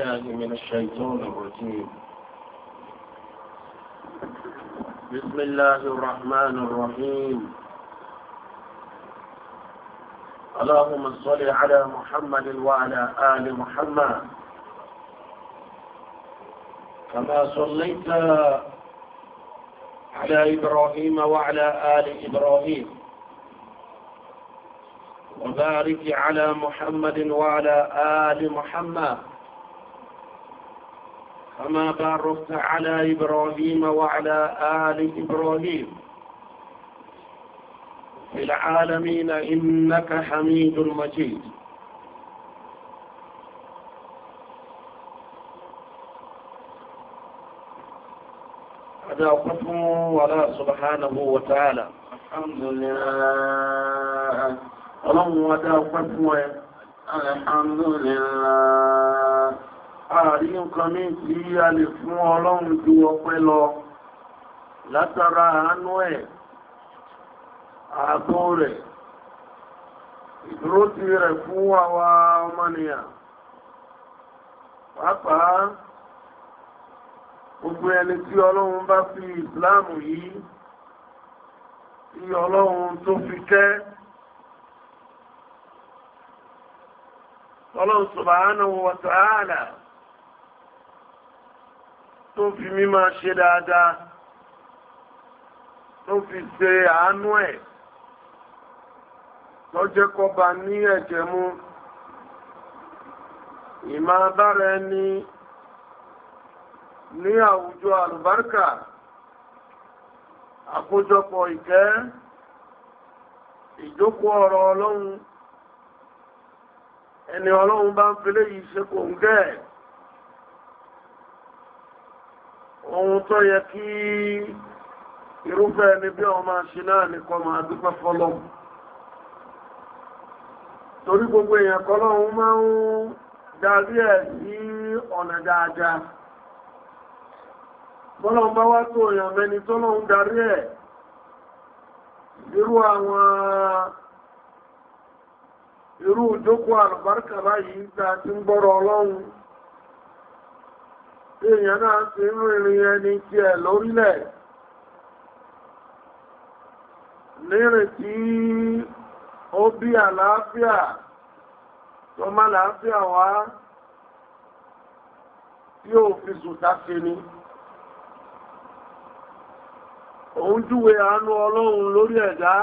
بالله من الشيطان الرجيم بسم الله الرحمن الرحيم اللهم صل على محمد وعلى آل محمد كما صليت على إبراهيم وعلى آل إبراهيم وبارك على محمد وعلى آل محمد كما باركت على إبراهيم وعلى آل إبراهيم في العالمين إنك حميد مجيد هذا أدعوكم ولا سبحانه وتعالى الحمد لله اللهم أدعوكم الحمد لله àrí nǹkan ní tí a lè fún ọlọ́run ju ọpẹ́ lọ látara àánú ẹ̀ ààbò rẹ̀ ìdúró ti rẹ̀ fún àwa ọmọnìyàn pàápàá gbogbo ẹni tí ọlọ́run bá fi ìsìláàmù yìí tí ọlọ́run tó fi kẹ́ ọlọ́run subhanahu wa ta'ala tó fi mí máa ṣe dáadáa tó fi ṣe àánú ẹ̀ lọ́jẹ́ kọba ní ẹ̀jẹ̀ mú ìmá bára ẹni ní àwùjọ àlùbáríkà àkójọpọ̀ ìkẹ́ ìjókòó ọ̀rọ̀ ọlọ́run ẹni ọlọ́run bá ń fi léyìí ṣe ohun tó yẹ kí irúfẹ́ ẹni bí ọmọ ṣe náà nìkan máa dúpẹ́ fọ́lọ́ torí gbogbo èèyàn kọlọ́run máa ń darí ẹ̀ sí ọ̀nà dáadáa bọ́lọ́n bá wá tó èèyàn mẹ́ni tó darí ẹ̀ irú àwọn irú ìjókòó àlùbáríkà báyìí ta ti èèyàn náà ti ń rìnrìn ẹni tí ẹ lórílẹ̀ tí ó bí àlàáfíà tó má làáfíà wá tí ó fi zùtá ṣe ni òun júwe àánú ọlọ́run lórí ẹ̀dá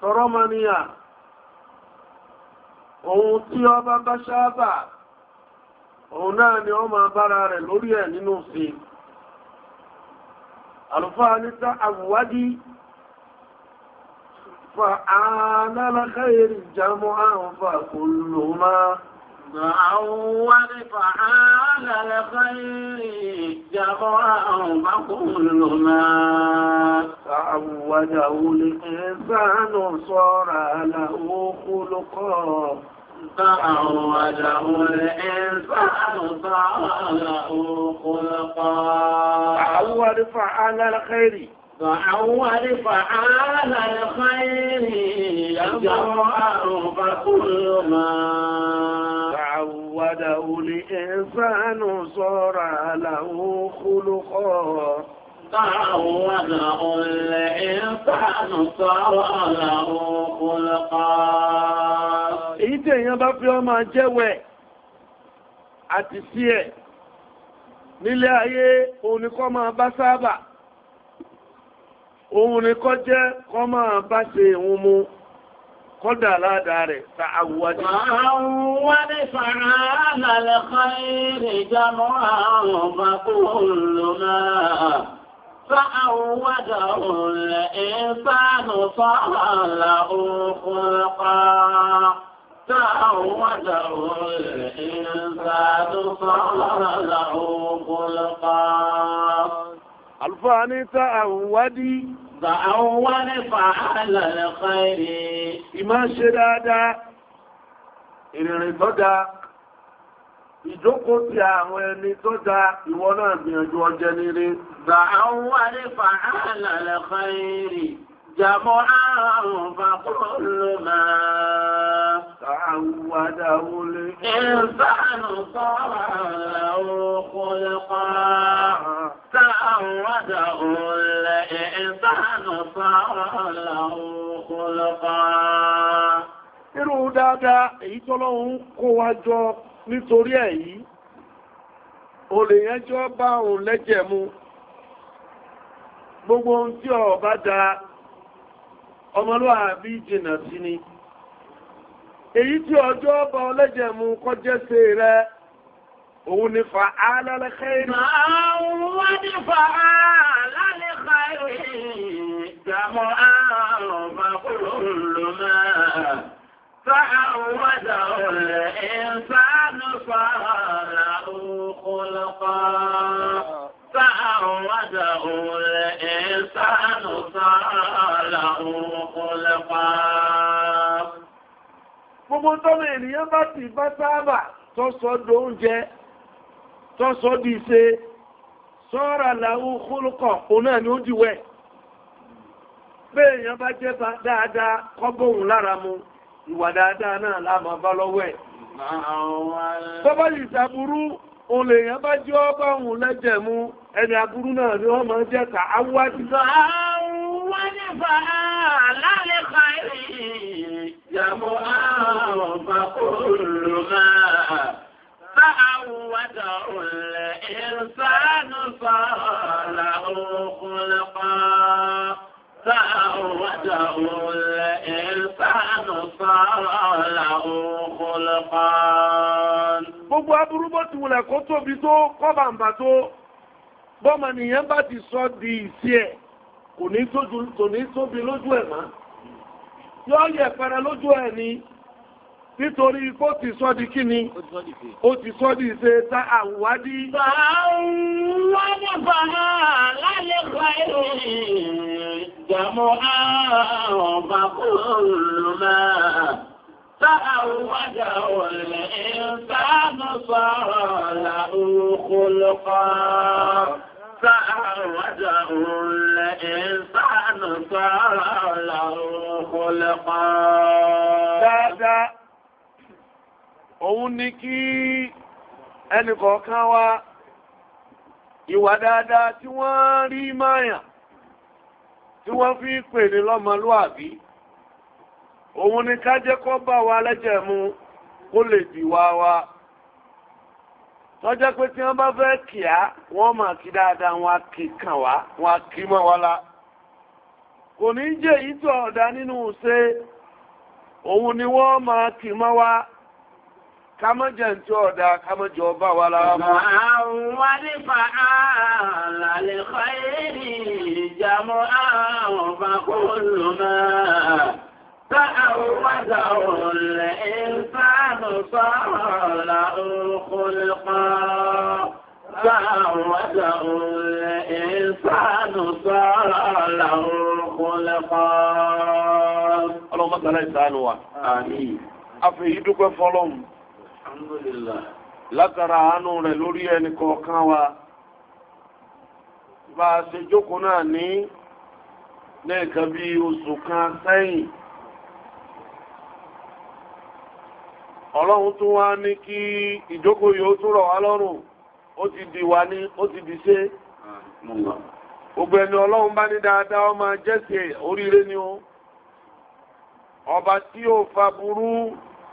tọrọmọnìyàn ohun tí ọ bá bá ṣáábà Ọ ụnanị ọmabararirioe araa ahana-elekaeri jeụma na awadịa aa na-eleka eri jeahụaawere aka aụadawuebe ana ụtọrana okụloko فأعوجه الإنسان فأله خلقا فأول فعال الخير فأول فعال الخير يجرأ فكل ما تعوده الإنسان صار له خلقا تعوده الإنسان صار له خلقا tí èèyàn bá fi ọmọ jẹ́wẹ̀ àti sí ẹ̀ nílé ayé òun ni kọ́ máa bá sábà òun ni kọ́ jẹ́ kọ́ máa bá ṣe òun mu kọ́dà ládàá rẹ̀ ta àwùwádìí. àwùwádì fara lálẹ́ kọ́ ìrìnjà mọ́ àwọn ọba kò lò náà. فأوده الإنسان صار له خلقا تعود الإنسان صار له الفاني تعودي تعود فعل الخير إما شدادا ìrìnrìn tó dáa ìjókòó ti àwọn ẹni tó dáa ìwọ náà gbìyànjú ọjẹ́ nílé. gbà àwọn àlefa àlàlẹ̀ kan rèé. جمعا فكل ما تعوده الإنسان صار له خلقا تعوده الإنسان صار له خلقا irú dáadáa èyí tọ́lọ́hun kó wa jọ nítorí ẹ̀ yìí olè yẹn bá òun lẹ́jẹ̀ mu gbogbo ohun tí ó bá dáa ọmọlúwàbí jìnà sí ni èyí tí ọjọ́ ọba ọlẹ́jẹ̀mú kọjẹ́sẹ̀ rẹ òun ni fa alálẹ́kẹ́ ìrìn. máa ń wá ní fa alálẹ́kẹ́ ìrìn ìdààmú àrùn bàkúrò ló máa fa àwọn ọ̀dà ọ̀lẹ́ ìfàánú fa àlà ودعوة الإنسان سأله خلقا Gbogbo tọ́mọ ènìyàn bá ti bá sáábà tó sọ di oúnjẹ, tó sọ di ìṣe, sọ́ra làwọn kúlùkọ̀ òun náà ni ó dìwẹ̀. Bẹ́ẹ̀ èèyàn bá jẹ́ bá dáadáa kọ́gbóhùn lára mu, ìwà dáadáa náà láàmà bá lọ́wọ́ ẹ̀ òun lè yàn bá jẹ́ ọba òun lẹ́jẹ̀ mú ẹni aburú náà ni wọ́n máa jẹ́ ta awádìí. Àwọn nípa lálẹ́ pa èyí, ìyàmọ̀ àwọn ọba kò lò máa. فعود الإنسان صار له خلقا فأوده الإنسان صار له خلقان gbogbo aburú bó ti wulẹ̀ kó tóbi tó kọ́bàǹbà tó bọ́mọ nìyẹn bá ti sọ di ìsí ẹ̀ kò ní tóbi lójú ẹ̀ mọ́ yọ yẹpẹrẹ lójú ẹ̀ ni nítorí kó ti sọ di kí ni ó ti sọ di ṣe ta àwádí. wọ́n ní bàbá lálẹ́ pa èrè ìdààmú àrùn bàbá olùmọ̀ ta àwádà ọ̀lẹ́ ìsánú sọ̀rọ̀ làókò lọ́kọ́. تعوده الإنسان صار له خلقا òun ni kí ẹnìkọ̀ọ̀kan wa ìwà dáadáa tí wọ́n rí máyà tí wọ́n fi pè ní lọ́mọlúàbí òun ni ká bá wa lẹ́jẹ̀ mú kó lè wá wa tọ́jọ́ pé tí wọ́n bá fẹ́ kíá wọ́n máa kí dáadáa wọn wọn mọ́ wa la kò ní jẹ́ èyí tó ni wọ́n máa mọ́ wa. kámọ́jẹ̀ tí ọ̀dà kámọ́jẹ̀ ọba wa lára mọ́. àwọn wálífà àlàlẹ̀ kọ́yẹ́rì ìjàmọ́ àwọn ọba kò lò máa. تعود الإنسان صالح خلقا تعود الإنسان صالح خلقا اللهم صل على سيدنا محمد آمين أفيدك فلم lákàrà àánú rẹ̀ lórí ẹnì kọ̀ọ̀kan wa bá a ṣe jókòó náà ní ní lẹ́ẹ̀kan bí oṣù kan sẹ́yìn ọlọ́run tún wá ní kí ìjókòó yóò tún rọ̀ wá lọ́rùn ó ti di wá ní ó ti di ṣe gbogbo ẹni ọlọ́run bá ní dáadáa ọmọ jẹ́sẹ̀ oríire ni ó ọba tí ó fa burú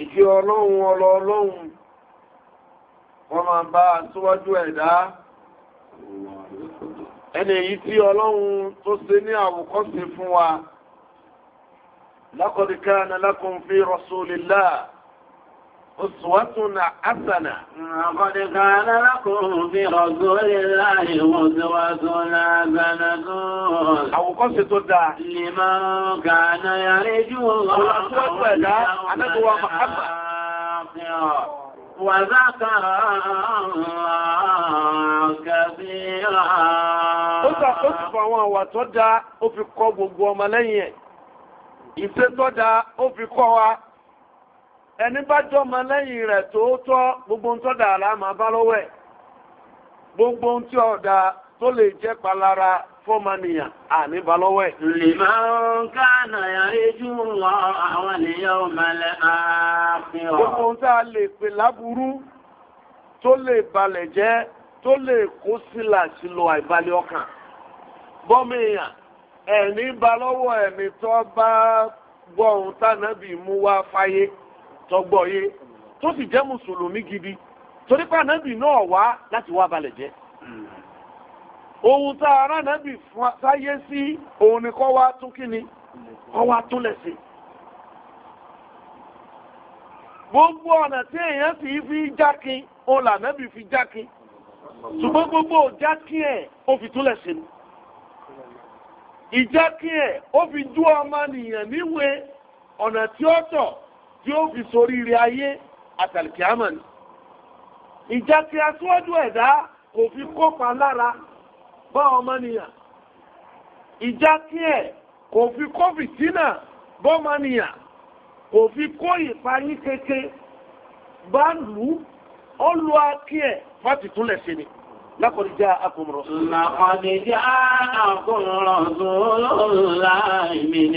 ìjọ ọlọ́run ọlọ ọlọ́run wọ́n máa bá aṣíwájú ẹ̀dá ẹni èyí tí ọlọ́run tó ṣe ní àwòkọ́ṣe fún wa laqad kana lakum fi rasulillah أسوة حسنة لقد كان لكم في رسول الله أسوة حسنة أو قصة دا لمن كان يرجو الله أسوة دا أنا دوا محبة وذكر الله كثيرا ó ṣàkóso àwọn àwà tó dáa ó fi kọ́ gbogbo ọmọ lẹ́yìn ẹ̀ ìṣe tó dáa ó fi kọ́ wa ẹni bá jọmọ lẹ́yìn rẹ̀ gbogbo bá lọ́wọ́ ẹ̀ gbogbo tó lè jẹ́ palara fọ́mọnìyàn àní bá lọ́wọ́ ẹ̀. àwọn ènìyàn ààfin ọ̀. gbogbo tá a lè pè tó lè balẹ̀ jẹ́ tó lè kó sílà tọgbọ́ yé tó sì jẹ́ mùsùlùmí gidi torí pé ànábì náà wá láti wá balẹ̀ jẹ́ ohun tá a rán ànábì sáyé sí òun ni kọ́ wá tún kí ni kọ́ wá tún lẹ̀ sí. gbogbo ọ̀nà tí èèyàn sì fi jákin òun làǹábì fi jákin ṣùgbọ́n gbogbo jákin ẹ̀ ó fi túlẹ̀ sí ni ìjákin ẹ̀ ó fi dú ọmọ nìyàn níwèé ọ̀nà tí ó tọ̀ tí ó fi sórí ire ayé àtàlìkíámà ni ìjà tí aṣíwájú ẹ̀dá kò fi kópa lára bá ọmọnìyàn ìjà tí ẹ̀ kò fi kó fìtínà bá ọmọnìyàn kò fi kó ìpayín kéke bá lù ú ó lu akí ẹ̀ fọ́tìtúnlẹ̀ sí ni. لقد جاءكم رسول لقد جاءكم رسول الله من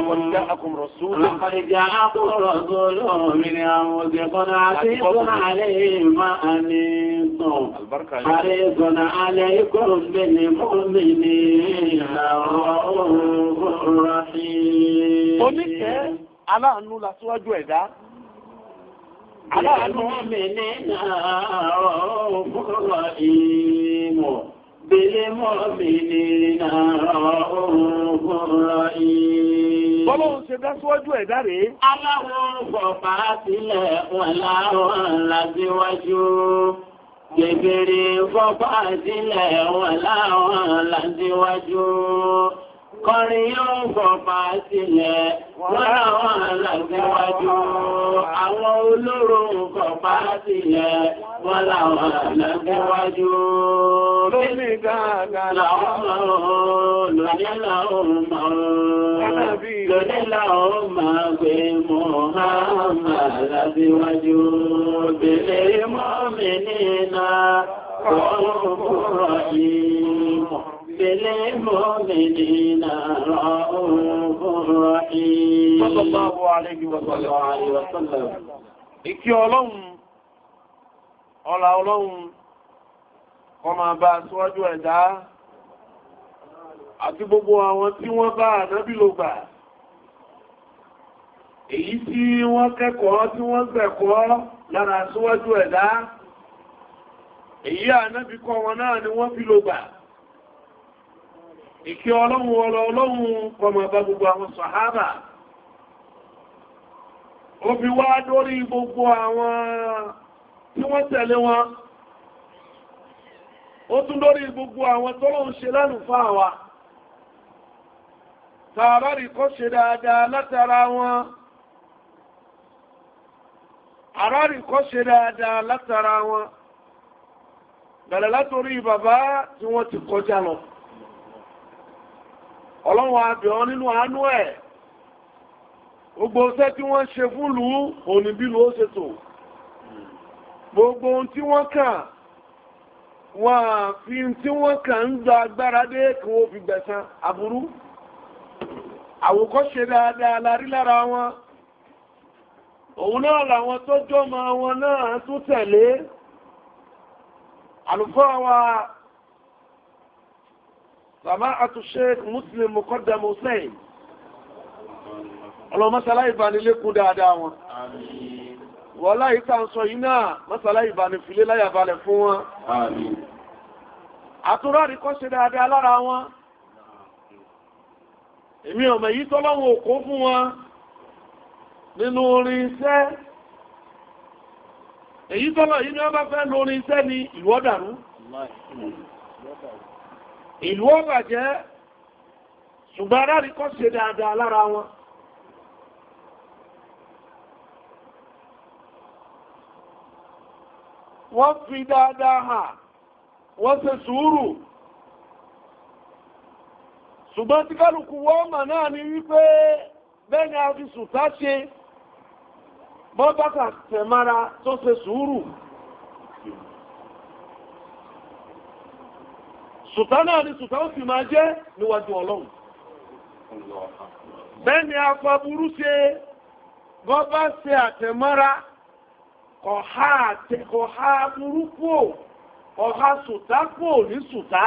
لقد جاءكم رسول لقد جاءكم رسول من أنفسكم عزيز عليه ما أنتم حريص عليكم بالمؤمنين رؤوف رحيم. oníkẹ́ aláàánú la síwájú ẹ̀dá المؤمنين رؤوف رحيم بالمؤمنين رؤوف رحيم Ọlọ́run ṣe dá síwájú ẹ̀dá rèé. Aláwọ̀n fọ̀fà sílẹ̀ wọn láwọn lásíwájú kọrin yóò fọ̀fà sílẹ̀ wọ́n láwọn aláṣẹ́wájú. Àwọn olóró fọ̀fà sílẹ̀ wọ́n láwọn aláṣẹ́wájú. Lómi gàgà làwọn lòdì làwọn máa lòdì làwọn máa gbé mọ́ hàmà láṣẹ́wájú. Bèlè mọ́ mi nínà kọ́ ọ́ kúrọ̀ yìí. بالمؤمنين رؤوف رحيم صلى الله ọlọ́run, ọlá bá aṣíwájú ẹ̀dá àti gbogbo àwọn tí wọ́n bá ànábì gbà. Èyí tí wọ́n kẹ́kọ̀ọ́ tí wọ́n gbẹ̀kọ́ lára aṣíwájú ẹ̀dá, èyí ànábì kọ́ wọn náà ni wọ́n fi ló gbà. ìkẹ́ ọlọ́run ọlọ́run kọmọ ọba gbogbo àwọn sàhábà ó wá lórí gbogbo àwọn tí wọ́n tẹ̀lé wọn ó tún lórí gbogbo àwọn tọ́lọ́run ṣe tààbárì kọ́ ṣe dáadáa látara wọn àrárì kọ́ ṣe dáadáa látara wọn látorí ti kọjá lọ. ọlọ́run àbẹ̀ọ́ nínú àánú ẹ̀ gbogbo iṣẹ́ tí wọ́n ṣe fún lù ú òní bí lù ó ṣe tò gbogbo ohun tí wọ́n kà wọ́n fi tí wọ́n kà ń gba agbára dé kí wọ́n fi gbẹ̀san aburú àwòkọ́ṣe dáadáa la rí lára wọn òun náà làwọn tó jọ́ ma wọn náà tún tẹ̀lé àlùfáà wa sàmáàtú sheikh muslim muqaddam hussein ọlọ́mọ́sálá ìbánilékún dáadáa wọn wọ́lá ìta ń sọ yìí náà mọ́sálá ìbánifilé láyàbalẹ̀ fún wọn àtúrádì kọ́ ṣe dáadáa lára wọn èmi ọmọ èyí tọ́lọ́wọ́ òkó fún wọn nínú orin iṣẹ́ èyí tọ́lọ́ yìí ni wọ́n bá fẹ́ lórin iṣẹ́ ni ìwọ́dàrú ìlú ó jẹ́ ṣùgbọ́n aráàrí kọ́ ṣe dáadáa lára wọn wọ́n fi dáadáa hàn wọ́n ṣe sùúrù ṣùgbọ́n tí kálukú wọ́n mà náà ni wípé bẹ́ẹ̀ni a fi sùtá ṣe bọ́bákà tẹ̀mára tó ṣe sùúrù sùtá náà ni sùtá ó máa jẹ́ níwájú ọlọ́run bẹ́ẹ̀ ni afaburú ṣe gọ́bá ṣe àtẹ̀mọ́ra kọ̀há àtẹ̀kọ̀há burúkú ò ọ̀há sùtá kú ò ní sùtá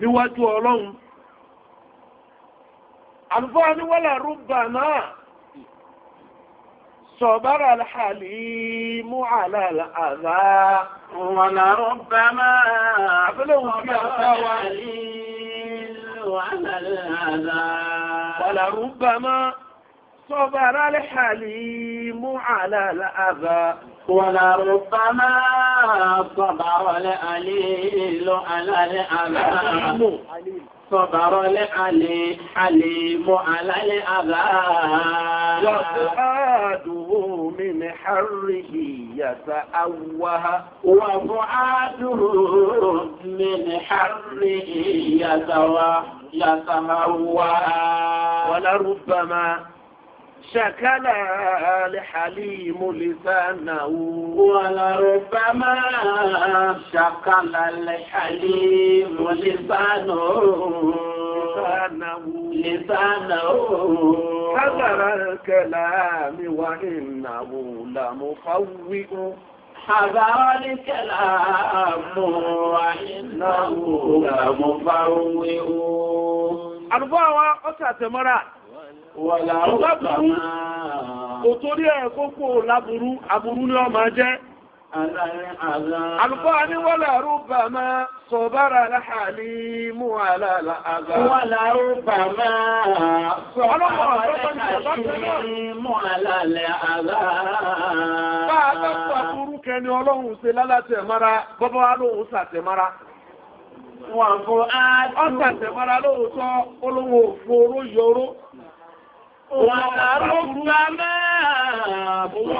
níwájú ọlọ́run àlùfáà ní wọ́lá rúbà náà صبر الحليم على الأذى ولربما صبر الحليم على الأذى ولربما صبر الحليم على الأذى ولربما صبر الأليل على الأذى صبر العلي حليم على الأذى وفؤاده من حره يتأوه وفؤاده من حره يتوه يتهوه ولربما شكل لحليم لسانه ولربما شكل الحليم لسانه لسانه حذر الكلام وإنه لمخوئ حذر الكلام وإنه لمفوئ أربعة قصة مرات Ọlábùrú, kò torí ẹ̀ ni ọ Àlùfọ́ ní wọ́lá rúbà máa sọ̀bára láhàlì mú àlàlà àgbà. Wọ́lá rúbà máa sọ̀bára láhàlì mú àlàlà àgbà. Bá a bá fà burú kẹni ọlọ́run wọ́n fún ولربما Òun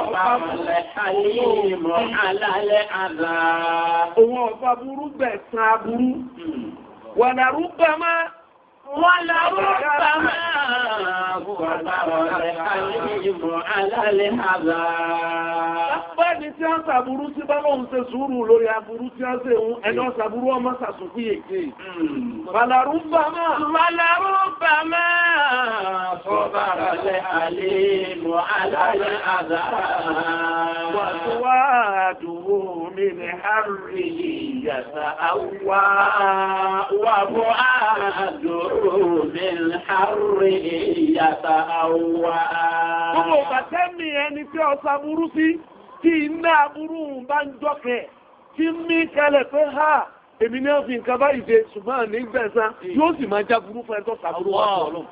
ọ̀fà burú bẹ̀ sàn aburú. Hmm. Wọ̀nà rúgbà máa ولو السماء وطرت عليهم على الهذا bẹ́ẹ̀ni tí a ń sàbúrú tí bá lóun ṣe sùúrù lórí aburú tí a ń ṣe òun ẹni ọ̀n sàbúrú ọmọ sàsùkú yèké. Bàlàrúbà máa. Bàlàrúbà máa. Fọ́bàrọ̀ lẹ àlè mọ́ Gbogbo ìgbàtẹ́mì ẹni tí ọ̀sà burú sí, tí iná aburú bá ń jọ́kẹ̀, tí mí kẹlẹ̀ pé ha, èmi ní ọ̀fin nǹkan ìdè ṣùgbọ́n ní gbẹ̀sán yóò sì máa já burú fún ẹjọ́ sàbúrú ọ̀rọ̀.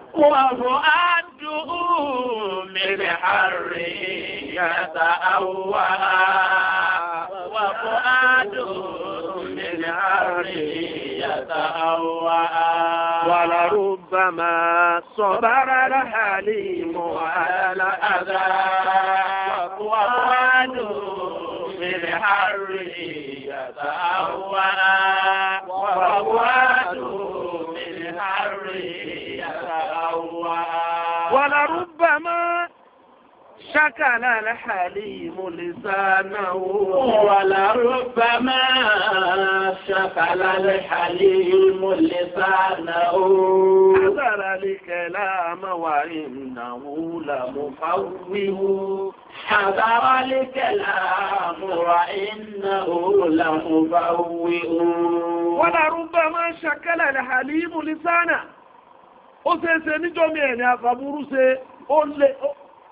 يتأوأ ولربما صبر الحليم على الأذى وقوانه بالحر يتأوأ وقوانه شكل الحليم لسانه ولربما شكل الحليم لسانه حذر الكلام وإنه لمفوه حذر الكلام وإنه لمفوه ولربما شكل الحليم لسانه ó ṣeéṣe níjọ́ mi ẹ̀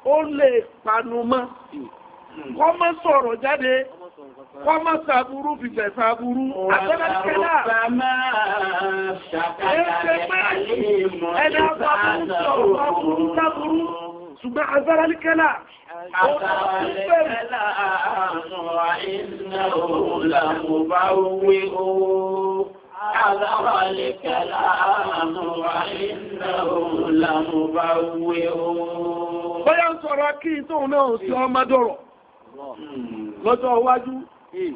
ó lè panu mọ́ wọ́n mọ́ sọ̀rọ̀ jáde wọ́n mọ́ sàbúrú fìfẹ̀ sàbúrú àtẹ́lẹ́sẹ́lá ẹ̀ẹ́sẹ̀ pé ẹni àbábúrú sọ̀rọ̀ sàbúrú sàbúrú ṣùgbọ́n àtẹ́lẹ́sẹ́lá Àlọ́wàlẹ́kẹ̀lá àmúwà ìnáwó làmúbáwé oó bóyá ń sọ̀rọ̀ kí tóun náà sí ọmọdọ̀rọ̀ lọ́jọ́ iwájú hmm.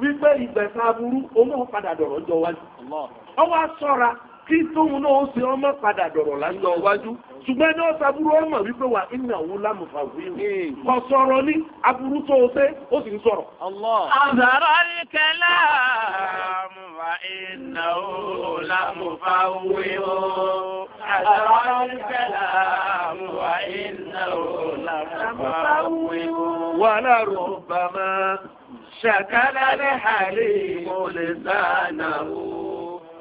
wípé ìgbẹ̀sán aburú òun náà padà dọ̀rọ̀ lọ́jọ́ iwájú ọwọ́ sọ́ra kí tóun náà ó ṣe ọmọ padà dọ̀rọ̀ lọ́jọ́ iwájú ṣùgbọ́n ní ọ̀sán aburú ọmọ wípé wà nínú àwọn lámùfà wíwù kò sọ̀rọ̀ ní aburú tó o ṣe ó sì ń sọ̀rọ̀. ọ̀sọ̀rọ̀ ní kẹlẹ́ àmùfà iná ó lámùfà wíwù. ọ̀sọ̀rọ̀ ní kẹlẹ́ àmùfà iná ó lámùfà wíwù. wàhálà rò bàmá ṣàkálà lẹ́hàlì mọ̀lẹ́sánà ó.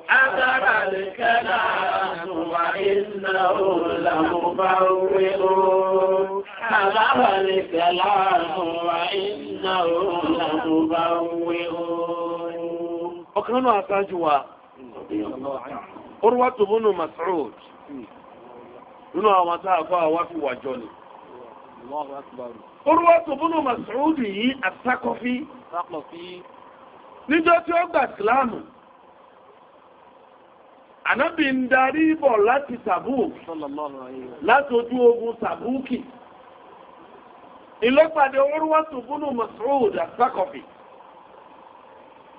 أثر الكلام وإنه لمبوئ Orúwá tó bónú Mas'ud nínú àwọn tá a kọ́ àwọn fi wà jọ ni. Orúwá tó bónú Masrood yìí àtàkọ́fí. Níjọ́ tí ó gbà Ìsìláàmù, ànábì ń darí bọ̀ láti Tabuk láti ojú ogun Tabuki ìlọ́pàdé Urwatu bunu Mas'ud as-Saqafi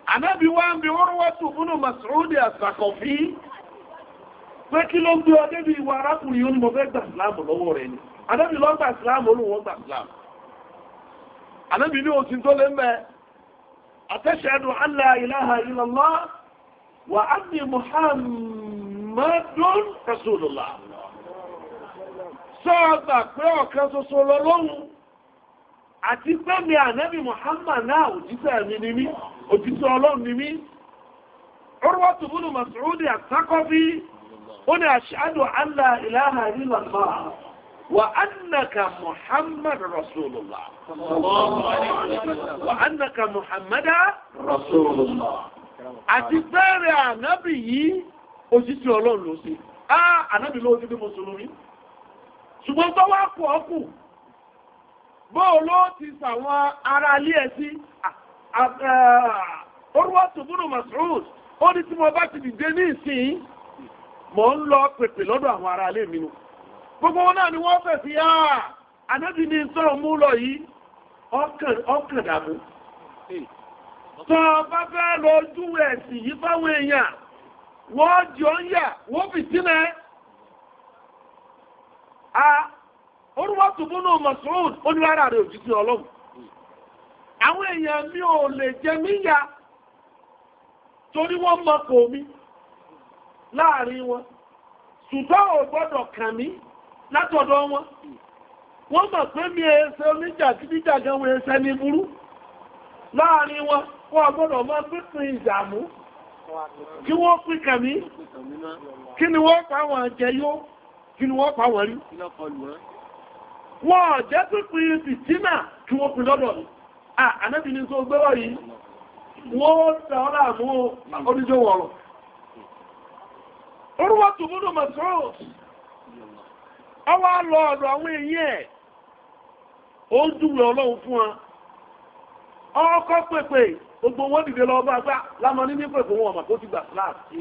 ànábì wá ń bi Urwatu bunu Mas'ud as-Saqafi pé kí ló ń gbé ọdẹ bí ìwà arákùnrin yóò ní mo fẹ́ gbà sílámù lọ́wọ́ rẹ̀ ni ànábì ló gbà sílámù olùwọ́ gbà sílámù ànábì ní òsì tó lé mẹ́ àtẹ́ṣẹ́dùn an ilaha illallah wa anni Muhammad. Muhammadun Rasulullah sọ́ọ̀gbà pé ọ̀kan ṣoṣo lọ́lọ́hun àti pé mi ànábì Muhammad náà òjíṣẹ́ mi ni mí òjíṣẹ́ ọlọ́run ni mí Urwatu ibn Mas'ud at-Thaqafi ó ní ashhadu an la ilaha illallah wa annaka Muhammad Rasulullah wa annaka Muhammad Rasulullah àti pé rẹ̀ ànábì yìí òṣìṣẹ́ ọlọ́run ló ṣe áá ànábì ló ti bí mùsùlùmí ṣùgbọ́n tó wá kù ọkù bóò ló ti sàwọn ará ilé ẹ̀ sí orúwọ́ tòbúrò Mas'ud ó ní tí mo bá ti dìde ní ìsìn mò ń lọ pèpè lọ́dọ̀ àwọn ará ilé mi nù gbogbo wọn náà ni wọ́n fẹ̀ sí áá ànábì ní sọ̀rọ̀ mú lọ yìí ọkàn dàbò tọ́ bá fẹ́ lọ ojú ẹ̀sìn yìí fáwọn èèyàn wọ́n jì ọ́ ń yà wọ́n fi sínú a orúwọ́tò búnú Mas'ud oníwárà rẹ̀ òjijì ọlọ́run àwọn èèyàn mi ò lè jẹ mí yà torí wọ́n mọ kò mí láàrin wọn ṣùgbọ́n ò gbọ́dọ̀ kàn mí látọ̀dọ̀ wọn wọ́n mọ̀ pé mi èèṣe oníjàgídíjàgan wọn èèṣe ní burú láàrin wọn wọ́n gbọ́dọ̀ mọ pínpín ìdààmú kí wọ́n pín kàmí kí ni wọ́n pa wọn jẹ yóò kí ni wọ́n pa wọn rí wọ́n jẹ́ pínpín fìtínà kí wọ́n pín lọ́dọ̀ ànábì ní tó gbẹ́rọ yìí wọ́n tàọ́lá mú oníjó wọ̀rọ̀ orúwọ́ tó múnú mọ̀sọ́rọ̀ ọwọ́ lọ ọ̀dọ̀ àwọn èyí ẹ̀ ó ń dúró ọlọ́run fún wọn ọkọ̀ gbogbo wọn dìde lọ bá gbà lámọ ní nípò ìfowó ọmọ tó ti gbà síláàsì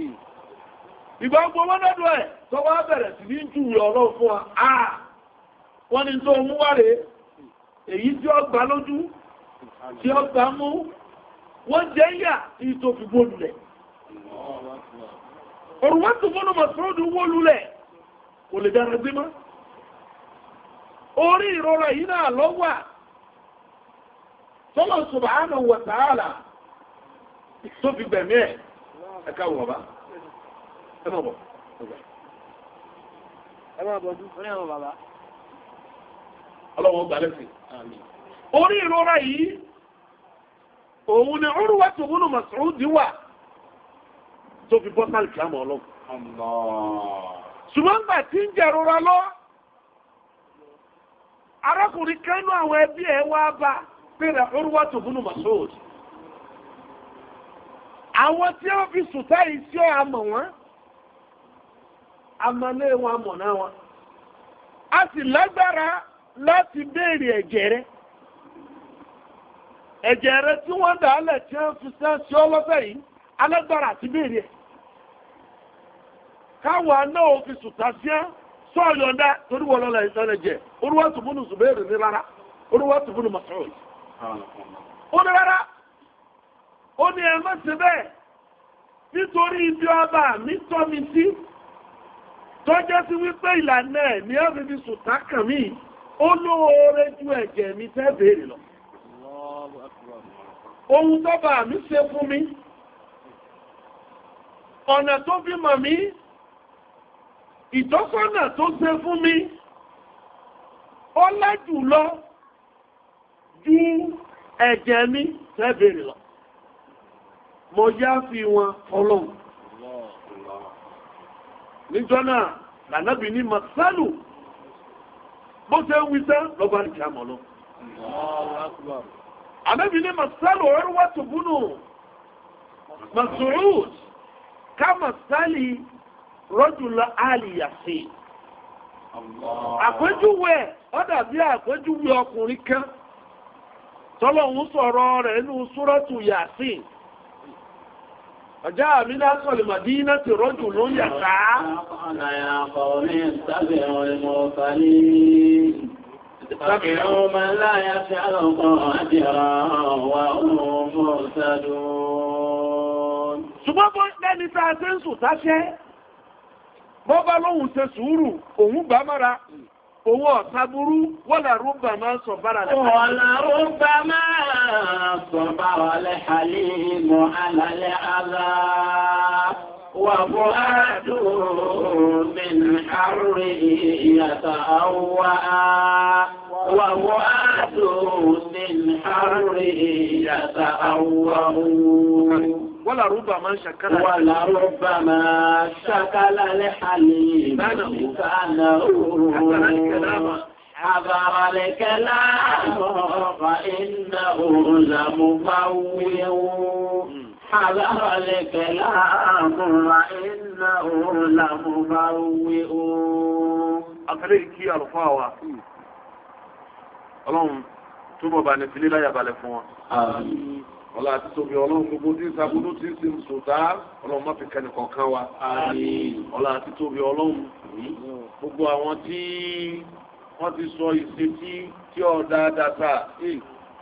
ìgbà gbogbo lọ́dọ̀ ẹ̀ tó wá bẹ̀rẹ̀ sí ní jù ọ̀rọ̀ fún wa wọ́n ní tó mú wá rèé èyí tí ó gbà lójú tí ó gbà mú wọ́n jẹ́ yà tí tó fi gbó lulẹ̀ ọ̀rùn tó fọ́nà wó lulẹ̀ kò lè dára gbé mọ́ orí yìí náà tó fi gbẹ̀mí ẹ̀ ẹ ká wọ̀ bá ẹ mọ̀ bọ̀ ẹ mọ̀ bọ̀ dún orí àwọn bàbá. ọlọ́wọ́ gbà lẹ́sìn. orí ìrora yìí òun ni orúwa tó múnú Mas'ud wà tó fi bọ́ sálì kìlámọ̀ ọlọ́run. ṣùgbọ́n gbà tí ń jẹ́ lọ arákùnrin kánú àwọn ẹbí ẹ wá bá pé ra orúwa tó múnú Mas'ud. àwọn tí ó fi sùtá yìí tí ó a wọn amalé wọn amọ̀ náà wọn a sì lágbára láti béèrè ẹ̀jẹ̀ rẹ ẹ̀jẹ̀ rẹ tí wọ́n dà á lẹ̀ tí wọ́n fi sẹ́ sí yìí alágbára àti béèrè ẹ̀ káwọn náà fi sùtá sí sọ torí wọn lọ́la ní rárá ó ní ẹ má ṣe bẹ́ẹ̀ nítorí ibi ọba mi tọ́ mi sí tó jẹ́ sí wípé ìlànà ẹ̀ ní ọ́fẹ́ fi sùtá kàn mí ó lóore ju ẹ̀jẹ̀ mi tẹ́ béèrè lọ ohun tó mi ṣe fún mi ọ̀nà tó fi mọ̀ mí ìtọ́sọ́nà tó ṣe fún mi ó lájù lọ ju ẹ̀jẹ̀ mi tẹ́ béèrè lọ mo já fi wọn ọlọ́run níjọ́ lànàbì ní masalu bó ṣe wí tán lọ́gbà ní kíámọ̀ lọ. ní masalu ọ̀rọ̀ wà tó búnú masurud ká masali rọ́jùlọ àlìyàsí. àpéjúwe ó dàbí àpéjúwe ọkùnrin kan tọ́lọ́hún sọ̀rọ̀ rẹ̀ nínú súrọ́tù ọjọ́ àmì lásán lè màdí iná ti rọ́jù ló ń yàtá. ṣùgbọ́n bó lẹ́ni tá a ṣe ń sùn táṣẹ́ bọ́ bá lóhun ṣe sùúrù òun gbà mára owó ọ̀sáburú wọ́lá rúbà máa ń sọ̀bára lẹ́hàlì. wọ́lá rúbà máa ń sọ̀bára lẹ́hàlì mọ́ àlàlẹ́ àlá wà fún àádùn min àrùrí ìyàtà àwọ̀ á. wà fún àádùn min àrùrí ìyàtà àwọ̀ á wọ́lá rúbà máa ń ṣàkálà. wọ́lá rúbà máa ṣàkálà lẹ́hàlì ìbánà òru. عبر الكلام فإنه لمفوه حذر الكلام فإنه لمفوه Àkàlẹ́ ìkí àlùfáà wa, hmm. ọlọ́run túbọ̀ bá ní fi líláyà balẹ̀ fún wọn. Àmín ọlọ́ àti tóbi ọlọ́run gbogbo tí ń sagbodó tí ń sin sòdá ọlọ́run má fi kẹ́ni kọ̀ọ̀kan wa ọlọ́ àti tóbi ọlọ́run gbogbo àwọn tí wọ́n ti sọ ìṣe tí tí ọ̀ dáadáa ta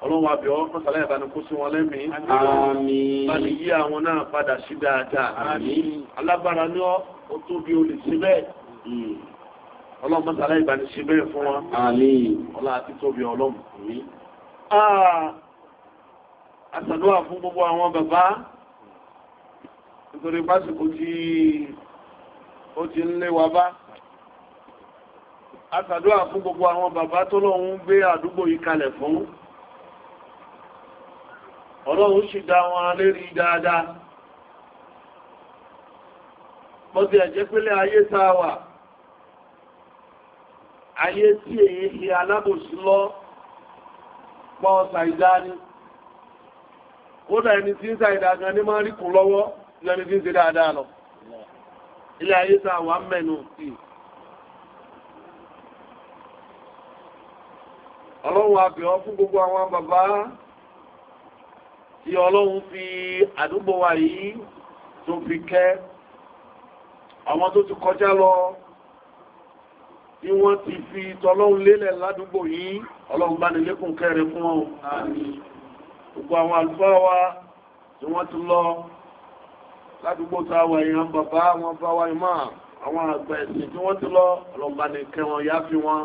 ọlọ́run àbẹ̀ ọ́ mọ́sálẹ́ ìbáni kó sí wọn lẹ́mìí àmín báni yí àwọn náà padà sí dáadáa àmín alágbára ni ọ́ ó tóbi olè síbẹ̀ ọlọ́run mọ́sálẹ́ ìbáni síbẹ̀ fún wọn àmín àti tóbi ọlọ́run àtàdúwà fún gbogbo àwọn bàbá nítorí pásìkò tí ó ti ń lé wa bá àtàdúwà fún gbogbo àwọn bàbá tó lọ́hún gbé àdúgbò yìí kalẹ̀ fún ọlọ́run sì dá wọn lérí dáadáa bọ́sí ẹ̀jẹ́ pẹ́lẹ́ ayé sáà ayé tí èyí ṣe alábòsí lọ pọ́ ṣàìdá ni kódà ẹni tí ń ṣàìdá gan ní máa ń rí kùn lọ́wọ́ ju ẹni tí ń ṣe dáadáa lọ. ilé ayé sá wà mẹ́nu sí i. ọlọ́run àbẹ̀wọ́ fún gbogbo àwọn bàbá tí ọlọ́run fi àdúgbò wa yìí tó fi kẹ́ àwọn tó ti kọjá lọ tí wọ́n ti fi tọlọ́run lélẹ̀ ládùúgbò yìí ọlọ́run bá nílékùn kẹrẹ fún wọn gbogbo àwọn àlùfáà wa tí wọ́n ti lọ ládùúgbò tá a wà èèyàn bàbá wọn bá wa ìmọ̀ àwọn àgbà ẹ̀sìn tí wọ́n ti lọ ọlọ́mọba nìkẹ́ wọn yá fi wọn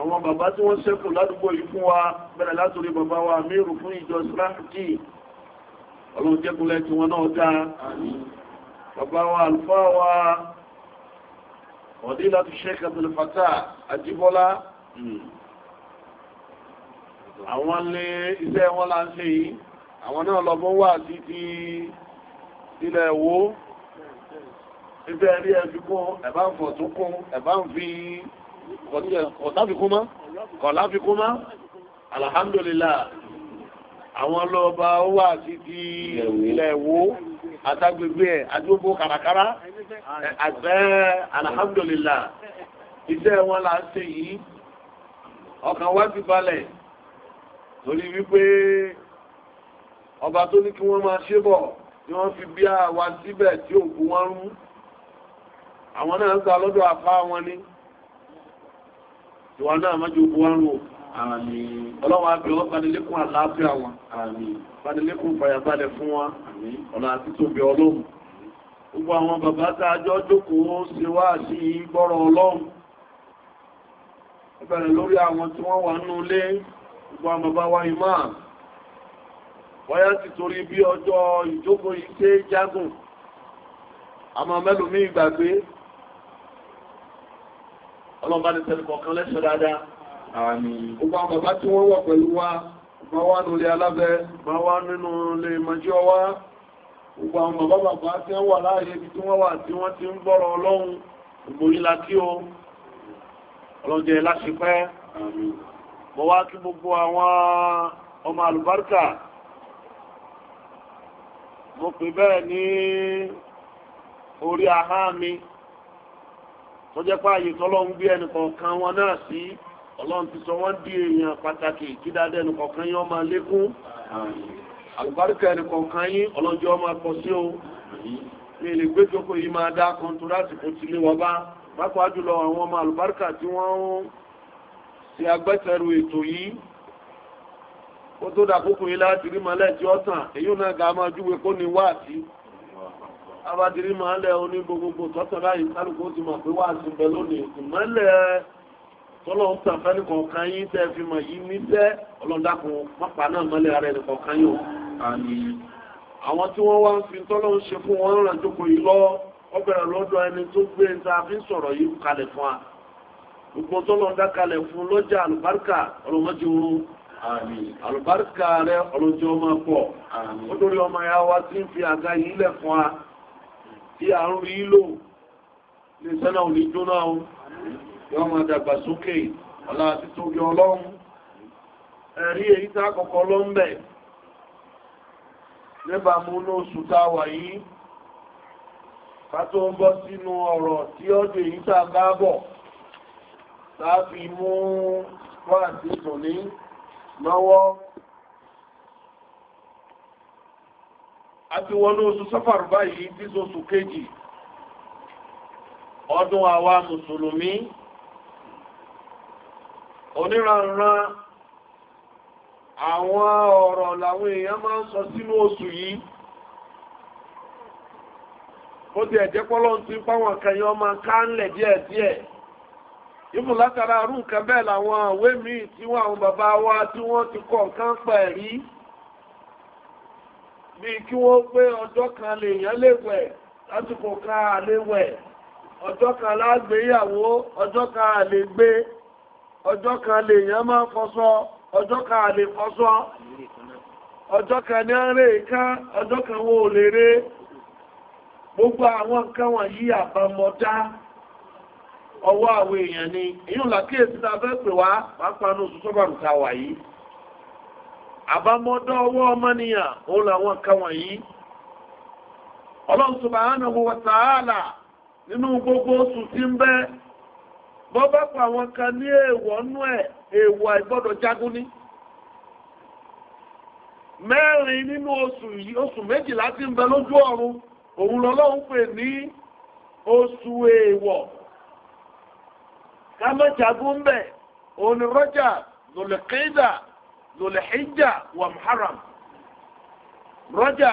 àwọn bàbá tí wọ́n ṣẹ́kù ládùúgbò yìí fún wa bẹ̀rẹ̀ látòrí bàbá wa mírù fún ìjọ síláàkì ọlọ́jẹ́kùnlẹ̀ tí wọ́n náà dá bàbá wa àlùfáà wa ọ̀dí láti ṣẹ́kù àbẹ̀lẹ̀fàtà àjíbọ́lá àwọn lé iṣẹ́ wọn la ń ṣe yìí àwọn náà lọ́gbọ́n wà sí ti ilẹ̀ wo ibẹ̀ rí ẹbí ẹ̀bá ń fọ̀ tún kún ẹ̀bá ń fi kọ̀tàfikún mọ́ kọ̀láfikún alhamdulillah àwọn lọ́ba wà sí ti ilẹ̀ wo àtàgbègbè ẹ̀ àdúgbò kàràkàrà àgbẹ̀ alhamdulillah iṣẹ́ wọn la ń ṣe yìí ọkàn wá ti balẹ̀ torí wípé ọba tó ní kí wọ́n máa ṣe bọ̀ ni wọ́n fi bí àwa síbẹ̀ tí òkú wọn rú àwọn náà ń gba lọ́dọ̀ àpá wọn ní ìwà náà májú òkú wọn rú ọlọ́wọ́ abẹ́ wọn banilékún àlàáfíà wọn banilékún fàyàbalẹ̀ fún wọn ọ̀nà àti tóbi ọlọ́run gbogbo àwọn bàbá tààjọ́ jókòó ṣe wá sí gbọ́rọ̀ ọlọ́run ẹgbẹ̀rẹ̀ lórí àwọn tí wọ́n wà nínú ilé gbogbo àmọ́ bá wá imam wáyá sì torí bí ọjọ́ ìjókòó yìí ṣe jágùn àmọ́ mẹ́lòmí ìgbàgbé ọlọ́mbà ní tẹ́lẹ̀ kọ̀ọ̀kan lẹ́sọ̀ dáadáa gbogbo àwọn bàbá tí wọ́n wà pẹ̀lú wa ma wá nílé alábẹ́ ma wá nínú ilé ìmọ̀jọ́ wá gbogbo àwọn bàbá bàbá tí wọ́n wà láàyè ibi tí wọ́n wà tí wọ́n ti ń gbọ́rọ̀ ọlọ́run gbogbo yìí la kí o ọlọ́jẹ́ láṣepẹ́ mo wá kí gbogbo àwọn ọmọ àlùbáríkà mo pè bẹ́ẹ̀ ní orí ahọ́n mi tó jẹ́ pé àyè tọ́lọ́hún gbé ẹnìkọ̀ọ̀kan wọn náà sí ọlọ́run ti sọ wọ́n di èèyàn pàtàkì kí dáadáa ẹnìkọ̀ọ̀kan yín ọmọ lékún àlùbáríkà ẹnìkọ̀ọ̀kan yín ọlọ́jọ́ ọmọ pọ̀ sí o mi lè gbé jókòó yìí máa dá kan tó láti kó tilé wọn bá pápá jùlọ àwọn ọmọ àlùbáríkà tí wọ́n ń ṣe agbẹ́sẹ̀rù ètò yìí kó tó dàkókò yìí láti rí mọ́lẹ̀ tí ó tàn èyí náà ga máa júwe kó ní wáàtí abadiri máa lẹ oní gbogbogbò tọ́tàn láyé kálukú ti mọ̀ pé wáàtí bẹ lónìí ìmọ̀lẹ̀ tọ́lọ̀ ń tàn fẹ́ nìkan kan yín tẹ́ fi mọ̀ yìí ní tẹ́ ọlọ́dàkùn mọ́pà náà mọ́lẹ̀ ara ẹnìkan kan yóò àwọn tí wọ́n wá ń gbogbo tó lọ dákalẹ̀ fún lọ́jà àlùbáríkà ọlọ́mọdé oorun àlùbáríkà rẹ ọlọ́jọ́ ọmọ pọ̀ ó dórí ọmọ ya wá tí ń fi àga yìí lẹ̀ fún wa tí a ń rí lò lè sẹ́nà òní jóná o yọ ọmọ dàgbà sókè ọ̀la àti ọlọ́run ẹ̀rí èyí tá àkọ́kọ́ lọ ń bẹ̀ nígbà mú ní oṣù tá a wà yìí ká tó ń bọ́ sínú ọ̀rọ̀ tí ọdún èyí tá a bá bọ̀ láàfi mú fáàdì tòní lọ́wọ́ àti wọnú oṣù sáfàrù báyìí tí oṣù kejì ọdún àwa mùsùlùmí oníranran àwọn ọ̀rọ̀ làwọn èèyàn máa ń sọ sínú oṣù yìí ó ti ẹ̀jẹ́ pọ́lọ́n ti pàwọn kan yọ máa ká ń ibùn látara arú nǹkan bẹ́ẹ̀ làwọn òwe míì tí wọ́n àwọn bàbá wa tí wọ́n ti kọ́ nǹkan pẹ̀ rí bí kí wọ́n pé ọjọ́ kan lèèyàn lè wẹ̀ lásìkò kan àlè wẹ̀ ọjọ́ kan lágbéyàwó ọjọ́ kan àlè gbé ọjọ́ kan lèèyàn máa fọṣọ ọjọ́ kan àlè fọṣọ ọjọ́ kan ní àárẹ̀ ìká ọjọ́ kan wọn ò lè rè gbogbo àwọn nǹkan wọ̀nyí àbámọ̀dá. ọwọ́ àwọn èèyàn ni èyí ò làkíyèsí tá a fẹ́ pè wá pàápàá ní oṣù sọ́bàrù tá a wà yìí àbámọ́dọ́ ọwọ́ ọmọnìyàn òun làwọn kan wọ̀nyí ọlọ́run nínú gbogbo oṣù tí ń bẹ bọ́ bá pa àwọn kan ní èèwọ̀ nú ẹ̀ èèwọ̀ àìgbọ́dọ̀ jágún ní mẹ́rin nínú oṣù kámẹ́jàgún bẹ̀ òun rọ́jà lòlẹ́kẹ́dà lòlẹ́hìjà wà muharram rọ́jà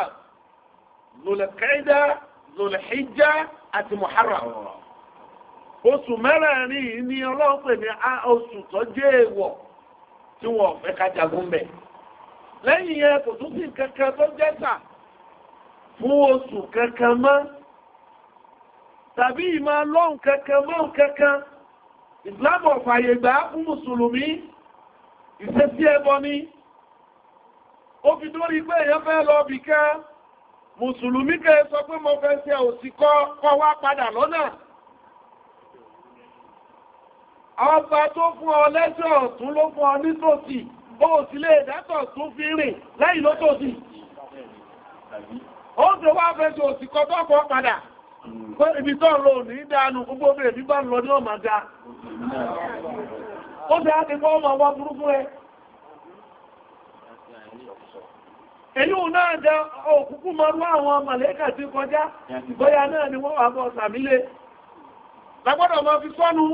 lòlẹ́kẹ́dà lòlẹ́hìjà àti muharram oṣù mẹ́rẹ̀ẹ̀rin yìí ni ọlọ́run pè ní oṣù tó jẹ́ èèwọ̀ tí wọ́n fẹ́ ká jagun bẹ̀. lẹ́yìn yẹn kò tún sí kankan tó jẹ́sà fún oṣù kankan mọ́ tàbí ìmọ̀ lọ́hùn kankan mọ́hùn kankan ìsìláàmù ọ̀fàyè gbà fún mùsùlùmí ìṣesí ẹbọ ni ó fi dórí pé èèyàn fẹ́ lọ bì ká mùsùlùmí kẹ́ sọ pé mo fẹ́ ṣe òsì kọ́ wá padà lọ́nà ọba tó fún ọ lẹ́sẹ̀ ọ̀tún ló fún ọ nítòsí ó sì lè dátọ̀ tún fi rìn láì lótòsí ó sì wá fẹ́ ṣe òsì kọ́ tọ́kọ̀ padà pé ibi tó ń lọ òní dánú gbogbo obìnrin bí bá lọ ní ọmọ dá ó dá ti kọ́ ọmọ wá burúkú ẹ èyí ò náà dá òkúkú mọ́ àwọn màlẹ́kà tí kọjá bóyá náà ni wọ́n wà bọ́ sàmílé lágbọ́dọ̀ mọ́ fi sọ́nu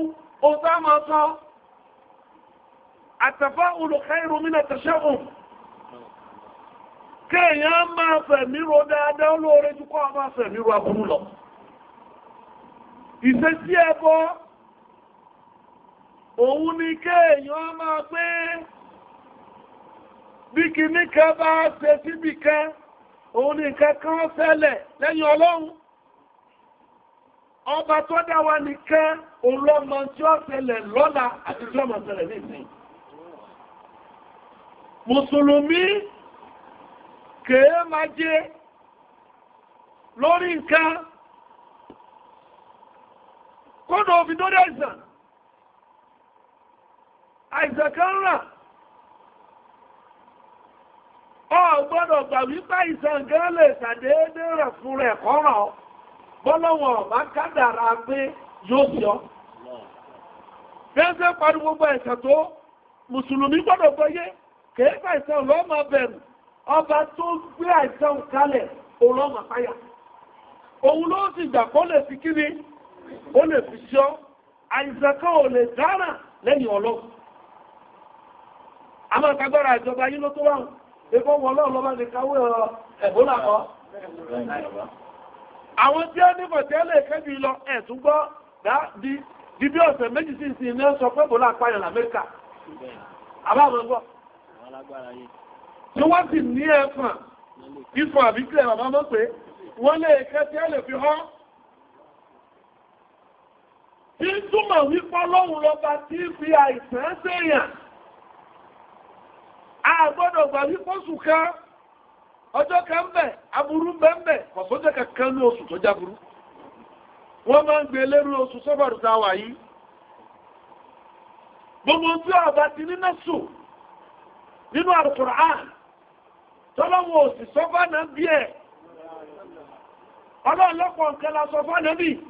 ìṣesí ẹbọ òun ni kéèyàn máa pé bí kìíní kan bá ṣe síbì kan òun ni nǹkan kan ṣẹlẹ̀ lẹ́yìn ọlọ́run ọba tó dá wa nìkan òun lọ́mọ tí ó ṣẹlẹ̀ lọ́la àti lọ́mọ ṣẹlẹ̀ nísìnyí mùsùlùmí kèé máa jẹ lórí nǹkan kódò òfin tó dé àìsàn àìsàn kan rà ọ gbọ́dọ̀ gbà wípé àìsàn kan lè ṣàdéédé rẹ̀ fún rẹ̀ kọ́ràn bọ́lọ́wọ̀n bá kádàrà pé yóò fi ọ́ gẹ́gẹ́ parí gbogbo ẹ̀sẹ̀ tó mùsùlùmí gbọ́dọ̀ gbọ́yé kèéfà àìsàn lọ́mọ bẹ̀rù ọba tó gbé àìsàn kalẹ̀ òun lọ́mọ fáyà òun ló sì gbà ó lè fi ṣọ́ àìsàkọ́ ò lè dára lẹ́yìn ọlọ́run a máa kagbára ìjọba yí ló tó wà ẹgbọ́n wọn lọ́ọ̀ lọ́ba lè káwé ẹ̀bólà kọ́ àwọn tí ó nífọ̀ tí ó lè kẹ́bi lọ ẹ̀tún gbọ́ di bí ọ̀sẹ̀ méjì sí ìsìn ní ọ̀sọ̀ pé bọ́lá apáyọ̀ lamẹ́ríkà àbáwọn gbọ́ tí wọ́n sì ní ẹ̀fọn ìfọ̀ àbíkẹ́ bàbá mọ́ pé wọ́n lè kẹ́ tí ó lè fi hàn tí ń túmọ̀ wípé Ọlọ́run lọ́ba tí ń fi àìsàn a gbọ́dọ̀ gbà wípé oṣù ọjọ́ kan aburú bẹ́ kọ̀sọ́jọ́ kankan ní oṣù tó jáburú wọ́n máa ń gbé lérú oṣù sọ́bàrù tá wà yìí gbogbo tí ọba ti ní nẹ́sù nínú al la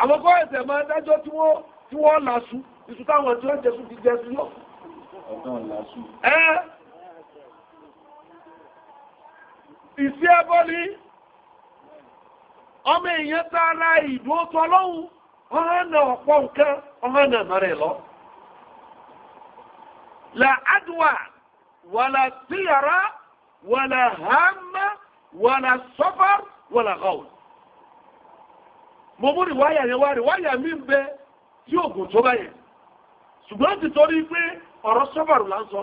àwọn kọ́ ẹ̀sẹ̀ máa dájọ́ tí wọ́n lásù ìsù táwọn tí wọ́n jẹ́sù ti jẹ́sù yọ ìsí ẹbọ́ ní ọmọ èèyàn tààrà ìlú ọ̀tọ̀ ọlọ́run ọ̀hánà ọ̀pọ̀ nǹkan ọ̀hánà mẹ́rẹ̀ lọ la adwa wàlà tíyàrá wàlà hàmà wàlà sọ́fà wàlà gáwùn mo mú rìwáyà yẹn wá mi ń bẹ tí ògùn tó bá ṣùgbọ́n ti torí pé ọ̀rọ̀ sọ́bàrù là ń sọ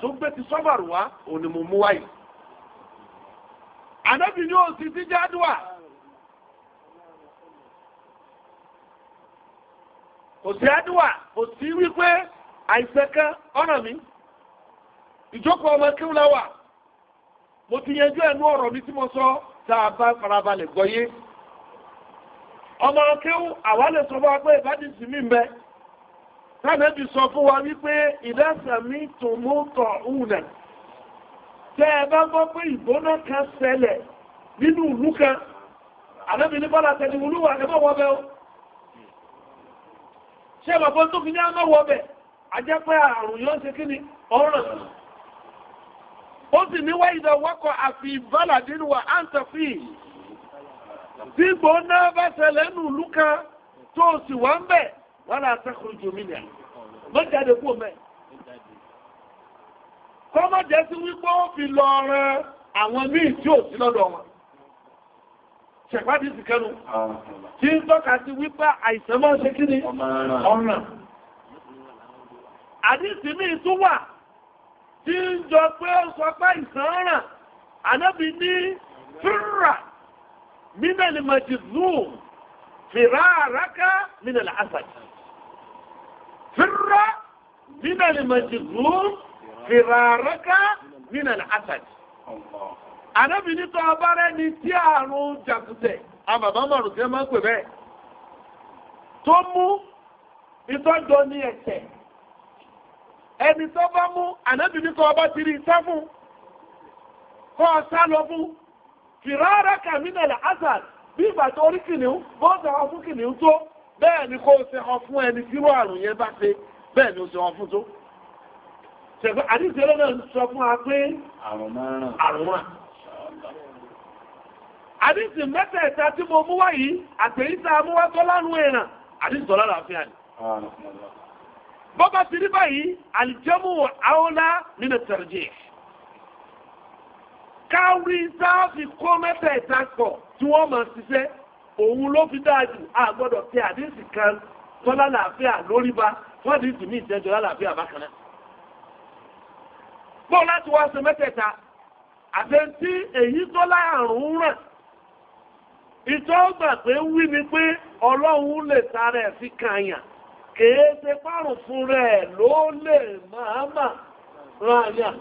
tó gbé ti sọ́bàrù wá ò ní mo mú wáyà ànábì kò ádùá wípé ọ̀nà mi ọmọ wà mo ti ẹnu ọ̀rọ̀ mi tí mo sọ tá a bá ọmọ akéwù àwa lè sọ fún wa pé ìbádìí sí mi mbẹ tánàbì sọ fún wa wípé ìdásàmí tòmú tọ̀ ùnà tẹ́ ẹ bá gbọ́ pé ìgbóná kan ṣẹlẹ̀ nínú ìlú kan àlẹ́bì ní bọ́lá tẹ̀lé olúwa ẹgbẹ́ wọ́bẹ̀ o ṣe bàbá tó fi ní àmọ́ wọ́bẹ̀ ajẹ́ pé àrùn yóò ṣe kí ni ọ̀ràn ó sì níwá ìdọ̀wọ́kọ̀ àfi bọ́lá dínú wa áǹtọ̀fíì tí gbóná bá ṣẹlẹ̀ nù ìlú kan tó o sì wá ń bẹ̀ wọ́n lọ atẹ́kùn jù mí nìyà mọ́jáde kú mẹ́. kọ́mọ̀jẹ́ sí wípé ó fi lọ ran àwọn míì tí ò sí lọ́dọ̀ wọn. ṣèpádì sì kẹnu tí ń tọ́ka sí wípé àìsàn máa ń ṣe kí ni ọ̀ràn. àdìsí míì tún wà tí ń jọ pé ó sọ pé àìsàn ràn ànábì ní fúnra mínàlì majizum fìràràkà mínàlì asàjì fìrà mínàlì majizum fìràràkà mínàlì asàjì. Ànábì ní tọ́ ọba rẹ̀ ni tí àrùn jàkùtẹ̀, a bàbá mọ̀rùn tí ẹ máa ń pè bẹ́ẹ̀. Tó mú ìtọ́jọ ní ẹ̀tẹ̀. Ẹni tó bá mú, ànábì ní tọ́ ọba ti rí sá fún. Kọ́ ọ sá lọ fún fìràrà kàmínàlà azad bí ìgbà tó rí kìnìún bọ́ọ̀sì àwọn fún kìnìún tó bẹ́ẹ̀ ni kó ṣe hàn fún ẹni tí wọ́n àrùn yẹn bá ṣe bẹ́ẹ̀ ni ó ṣe hàn fún tó ṣẹ̀fẹ́ àdíṣẹ́lẹ́ náà sọ fún wa pé àrùn márùn àdíṣì mẹ́tẹ̀ẹ̀ta tí mo mú wá yìí àtẹ̀yíta mú wá tó lárùn ẹ̀ràn àdíṣì tọ́lá làáfíà ni bọ́bá ti rí báyìí àlìjẹ́mù àwọlá nínú tẹ̀rẹ̀jẹ̀ Can káwí sáàfì kó mẹ́tẹ̀ẹ̀ta pọ̀ tí wọ́n máa ṣiṣẹ́ òun ló fi dájú àgbọ́dọ̀ tẹ àdéhùn kan tọ́lá làáfíà lórí ba wọ́n ti dùn ní ìjẹ́jọ́ lálàáfíà bákan náà. bọ́ọ̀ láti wá ṣe mẹ́tẹ̀ẹ̀ta àtẹ̀ntí èyí tó láàrùn ràn ìtọ́ gbà pé wí ni pé ọlọ́run lè sára ẹ̀ fi kàyàn kèé ṣe párùn fún rẹ̀ ló lè máa mà ràn yàn.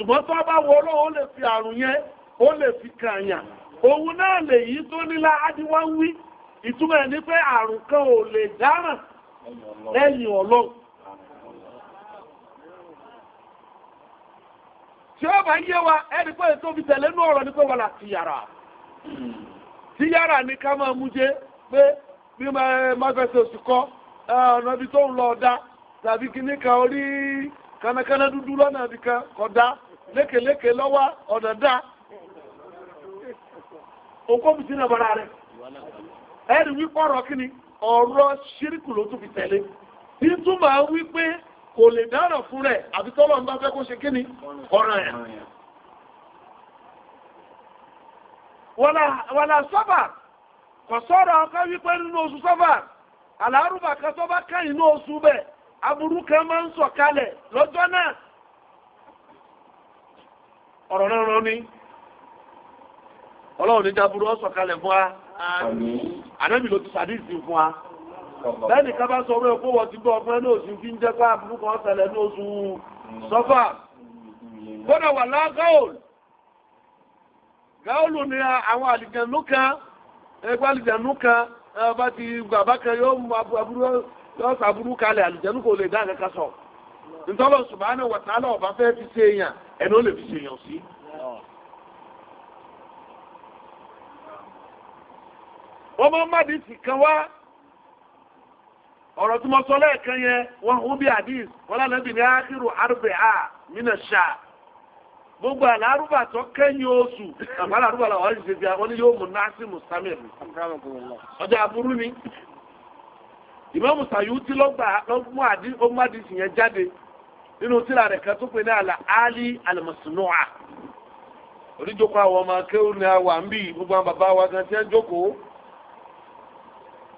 ṣùgbọ́n tó bá wọ ọlọ́wọ́ lè fi àrùn yẹn ó lè fi kààyà òun náà lè yí tó nílá adíwá wí ìtumẹ̀ ní pé àrùn kan ò lè dáràn lẹ́yìn ọlọ́run tí ó bá yé wa ẹni pé fi tẹ̀lé ní ọ̀rọ̀ pé wọ́n ká máa mú jẹ pé bí máa oṣù ọ̀nà ibi tó ń lékeleke lọ́wọ́ ọ̀dọ̀ dá okóbi sínú ọ̀bọ̀ra rẹ̀ ẹ̀rì wípé ọ̀rọ̀ kí ni ọ̀rọ̀ ṣíríkù ló tún fi tẹ̀lé kò lè dáràn fún rẹ̀ àbí tọ́lọ̀ ń bá fẹ́ kó ṣe kí ni ọ̀rọ̀ ẹ̀ wàlà sábà kò sọ̀rọ̀ ọkọ̀ wípé nínú oṣù sábà kan bá kẹ́yìn ní oṣù aburú ọ̀rọ̀ náà rán ní ọlọ́run ní dábúrú ọ̀sọ̀ kalẹ̀ fún wa ànábì ló ti sàdíìsì fún wa lẹ́nì ká bá sọ wé opó wọ́n ti gbọ́ ọgbọ́n ní oṣù fi ń jẹ́ pé àbúrú kan ṣẹlẹ̀ ní oṣù sọ́fà gbọ́dọ̀ wà lá gáòlù gáòlù ni àwọn àlìjẹ̀nú kan ẹgbẹ́ àlìjẹ̀nú kan bá ti gbà bá kan yóò mú àbúrú yóò sàbúrú kalẹ̀ àlìjẹ̀nú kò lè ntọ́lọ̀ subhanahu wa ta'ala ọba fẹ́ fi ṣe èèyàn ẹni ó lè fi ṣe èèyàn sí. wọ́n máa ń má di ti kan wá ọ̀rọ̀ tí mo sọ lẹ́ẹ̀kan yẹn wọ́n ń bí hadith wọ́n lánàbì ní ákírù arba'a mina ṣáà gbogbo àlárúbà tó kẹ́yìn oṣù àbálárúbà làwọn ọ̀rẹ́ ìṣèjì àwọn yóò mú násìmù sámẹ̀lì ọjà burú ni. ìmáàmù ti lọ́gbà lọ́mú àdìsí yẹn jáde nínú tíra rẹ̀ kan tó pe ní àlà ali alimusunua oníjókòó àwọn ọmọ akéwù ni àwa ń bì gbogbo àwọn bàbá wa gan tí wọ́n jókòó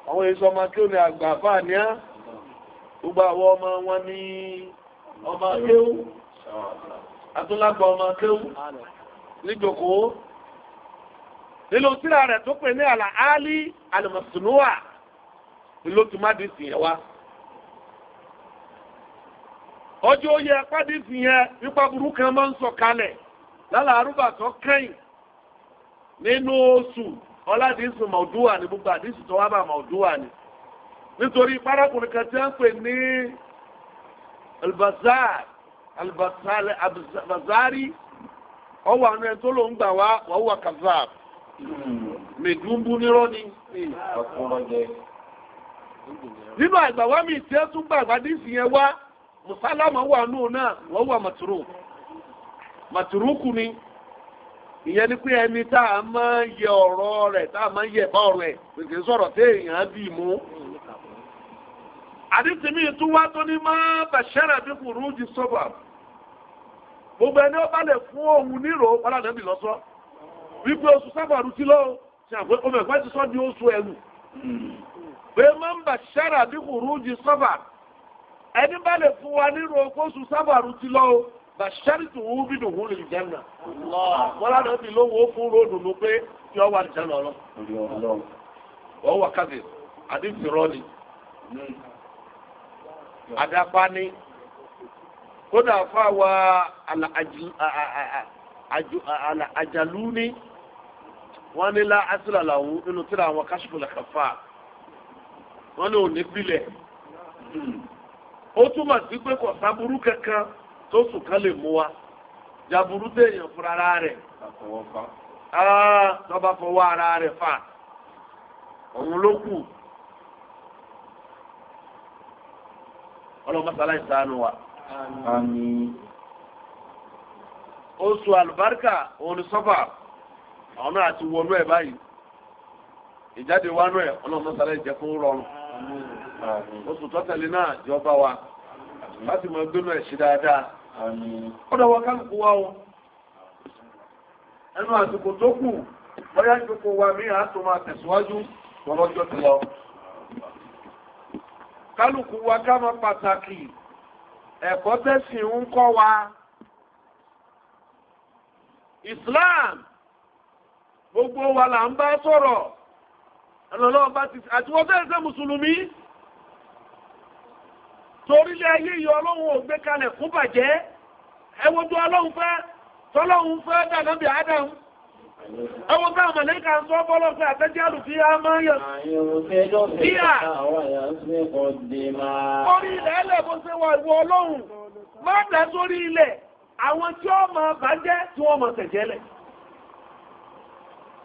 àwọn èso ọmọ akéwù ni àgbà fáàní á gbogbo àwọn ọmọ wọn ni ọmọ akéwù atúnlágbà ọmọ akéwù níjókòó nínú tíra rẹ̀ tó pe ní àlà ló tún má dísì yẹn wá. ọjọ́ oyè apá dísì yẹn nípa burúkú kan máa ń sọ kalẹ̀ lálàárúbà tó kẹ́yìn nínú oṣù ọládìsùn mọ̀ọ́dúwà ní gbogbo àdìsùn tó wá bá mọ̀ọ́dúwà ni nítorí párákùnrin kan tí wọ́n pè ní albazar albazari ọwọ́ àwọn ẹni tó ló ń gbà wá wọ́n wà kazab mẹ̀dúnbú hmm. nírọ́ ni. Hmm. nínú àgbàwá mi tí ó tún gbàgbà nísìnyí wá mùsálàmù wà nù náà wọ́n wà màtúrù màtúrù ni ìyẹn ni pé ẹni tá a máa ń yẹ ọ̀rọ̀ rẹ̀ tá a máa ń yẹ ọ̀rọ̀ ẹ̀ pèsè sọ̀rọ̀ tí èèyàn bì mú. àdìsí mi tún wá tó ní bàṣẹ́rẹ̀ bí kùrú di sọ́bà gbogbo ẹni ó bá lè fún òun nírò pé máa ń bà ṣára bí kùrúùjì sọ́fà ẹni bá lè fún wa nínú oṣù sábàrú ti lọ o bà ṣáàrì tó wú bí dùnkún lè jẹ́ nà. wọ́n lánàá ti lówó fún ròdù ló pé kí ọ wà ní jẹ́ lọ́lọ́. wọ́n wà kábì àdìsí rọ́ọ̀lì àdàpani kódà fáwa àjàlú ni wọ́n ní lá asílà làwọn nínú tíra àwọn káṣíkò làkàfà. wọ́n ní òní pilẹ̀ hmm. ó túmọ̀ sí pé kò sábúrú kankan tó sùn kan lè mú wa jàbúrú téèyàn fúnra ara rẹ̀ ah, tọ́ba fọwọ́ ara rẹ̀ fà òun ló kù ọlọ́mọsálá ìsànù wa. oṣù àlùbáríkà òun ni sọ́fà àwọn náà ti wọnú ẹ̀ báyìí ìjáde wánú ẹ̀ rọrùn. oṣù tọ́tẹ̀lé náà jọba wa láti mọ gbénu ẹ̀ṣin dáadáa ó dọ̀wọ́ kálukú wa o ẹnu àsìkò tó kù bóyá ìjókò wa mí àá tó máa tẹ̀síwájú lọ́lọ́jọ́ ti lọ kálukú wa ká mọ pàtàkì ẹ̀kọ́ tẹ̀sìn ń kọ́ wa Islam gbogbo wa là ń bá sọ̀rọ̀. ọlọ́wọ́ bá ti àti wọ́n bẹ́ẹ̀ ṣe mùsùlùmí torílẹ̀ ayé yìí ọlọ́run ò gbé kalẹ̀ fún bàjẹ́ ẹwọ́dún ọlọ́run orí ilẹ̀ ma bó ṣe wà ìwọ ọlọ́run má sórí ilẹ̀ àwọn tí ó mọ̀ bàjẹ́ tí wọ́n mọ̀ tẹ̀jẹ́lẹ̀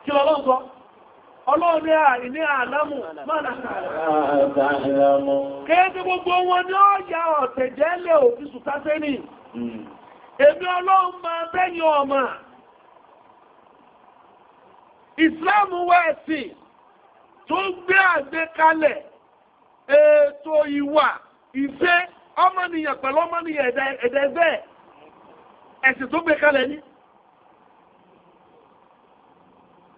kí lọ́lọ́run ọlọ́run ní àìní àlámù mọ́nà àlámù. kéèké gbogbo wọn ni ó ya ọ̀tẹ̀ jẹ́lẹ̀ òfin sùtásẹ́nì hmm. èmi ọlọ́run máa bẹ́yìn ọmọ ìsìláàmù wẹ́ẹ̀sì tó gbé àgbékalẹ̀ ètò ìwà ìfẹ́ ọmọnìyàn pẹ̀lú ọmọnìyàn ẹ̀dẹ̀ ẹ̀dẹ̀ ẹ̀sìn tó gbé kalẹ̀ ní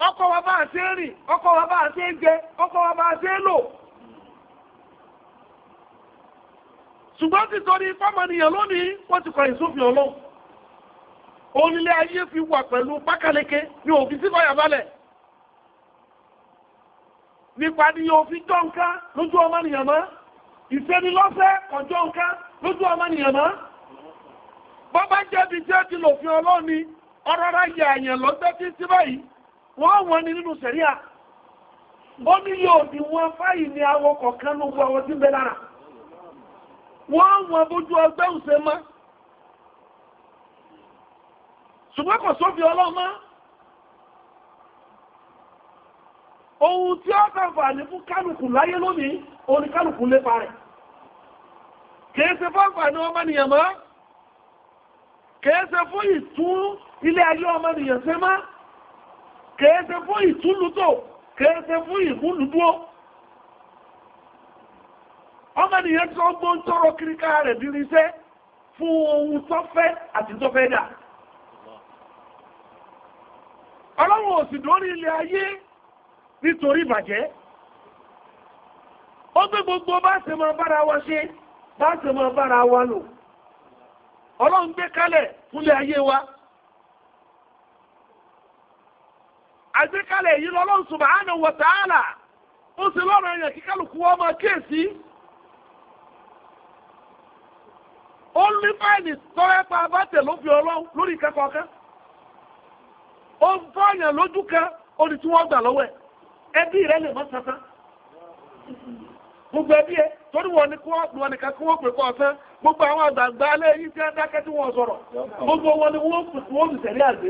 ọkọ wa bá ṣe rìn ọkọ wa bá ṣe jẹ ọkọ wa bá ṣe lò. ṣùgbọ́n lónìí ti onílé fi wà pẹ̀lú pákàleke ní òfin nípa òfin jọ nǹkan lójú ọmọnìyàn mọ́ nǹkan lójú ọmọnìyàn mọ́ bọ́bá jẹ́bi jẹ́ ti lòfin ni ọ̀rọ̀ ráyẹ àyàn tí wọ́n wọ́n ní nínú sẹ̀ríà ó ní yóò di wọ́n fáyì ní awọ kọ̀ọ̀kan ló gbọ́ ọwọ́ tí ń bẹ lára wọ́n wọ́n bójú ọgbẹ́ òṣè mọ́ ṣùgbọ́n kò sófin ọlọ́mọ́ ohun tí ó kàfà ní fún kálùkù láyé lónìí òní kálùkù lépa rẹ̀ kìí fọ́nfà ní ọmọnìyàn mọ́ kìí fún ìtún ilé ayé ọmọnìyàn ṣe kèése fún ìtúlútò kèése fún ìmúlùdúó ọmọnìyàn tó gbó ń tọrọ kíríká rẹ̀ díríṣẹ́ fún ohun tó fẹ́ àti tó fẹ́ dà ọlọ́run ò sì dórí ilẹ̀ ayé nítorí ìbàjẹ́ ó gbé gbogbo bá ṣe máa bára wa ṣe bá ṣe máa bára wa lò ọlọ́run gbé kalẹ̀ fúnlẹ̀ ayé wa àgbékalẹ̀ èyí lọ́lọ́run subhanahu wa ta'ala ó sì lọ́rọ̀ ẹ̀yàn kí kálukú wọn kíyèsí. ó ní fáìlì tọ́wẹ́ pa abátẹ̀ ló fi ọlọ́run lórí ìkẹ́kọ̀ọ́ kan. ó ń fọ́ọ̀yàn lójú kan ó ní tí wọ́n gbà lọ́wọ́ ẹ̀ ẹbí rẹ̀ lè mọ́ gbogbo ẹbí ẹ torí wọn ni kí wọ́n pè gbogbo àwọn alẹ́ yìí dákẹ́ gbogbo wọn ni wọ́n fi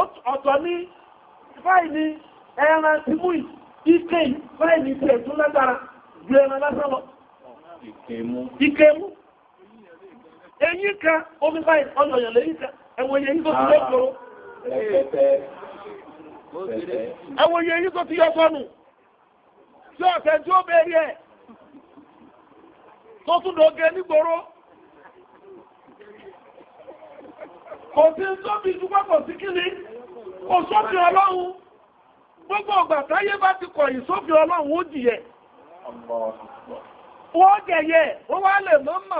ọ̀tọ̀ ní fáìní ẹran ti mú ike fáìní ti ẹ̀tún lágbára ju ẹran lásán lọ ike mú ẹ̀yìn omi fáìní ọlọ̀yàn lẹ́yìn kan ẹ̀wọ̀n tó ti lọ́pọ̀ ah. ẹ̀wọ̀n yẹ̀yìn tó kò sí sóbi ìdúgbọ́ kò sí kíni kò sófin gbogbo ọgbà táyé bá ti ọlọ́run ó dìyẹ wọ́n jẹyẹ wá lè mọ́ ń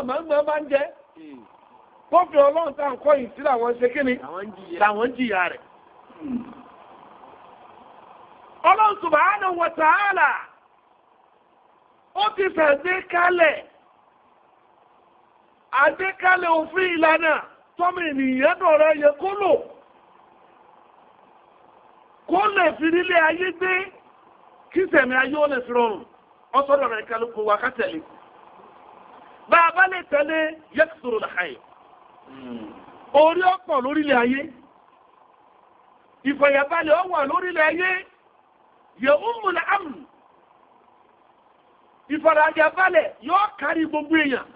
ọlọ́run làwọn ṣe kíni làwọn jìyà rẹ̀ ọlọ́run ó ti fẹ̀ tọ́mọ ènìyàn dọ̀rọ̀ yẹ kó lò kó lè fi nílé ayé gbé kí sẹ̀mí ayé ó lè fi rọrùn ọsọ́dọ̀ rẹ̀ kálukú wa ká tẹ̀lé bá a bá lè tẹ̀lé orí ọ̀pọ̀ lórílẹ̀ ayé ìfọ̀yàbalẹ̀ ọwà lórílẹ̀ ayé yẹ kárí gbogbo èèyàn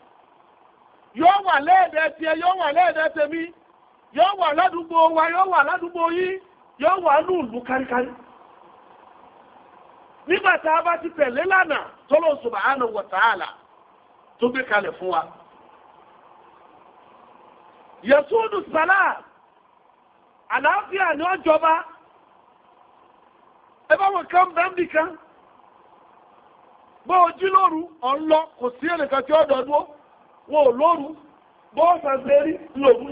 yóò wà lẹ́ẹ̀dẹ̀ tiẹ̀ yóò wà lẹ́ẹ̀dẹ̀ tèmi yóò wà ládùúgbò wa yóò wà ládùúgbò yín yóò wà ní ìlú káríkárí a bá ti tẹ̀lé lánàá tọ́lọ́ subhanahu wa ta'ala tó gbé kalẹ̀ fún wa yẹ̀sùnù sàlá àlàáfíà ni ó jọba ẹ bá bẹ́ẹ̀ nìkan ojú lóru kò sí ẹnìkan tí ó wọn ò lóru bọ́ọ̀sà lérí lòun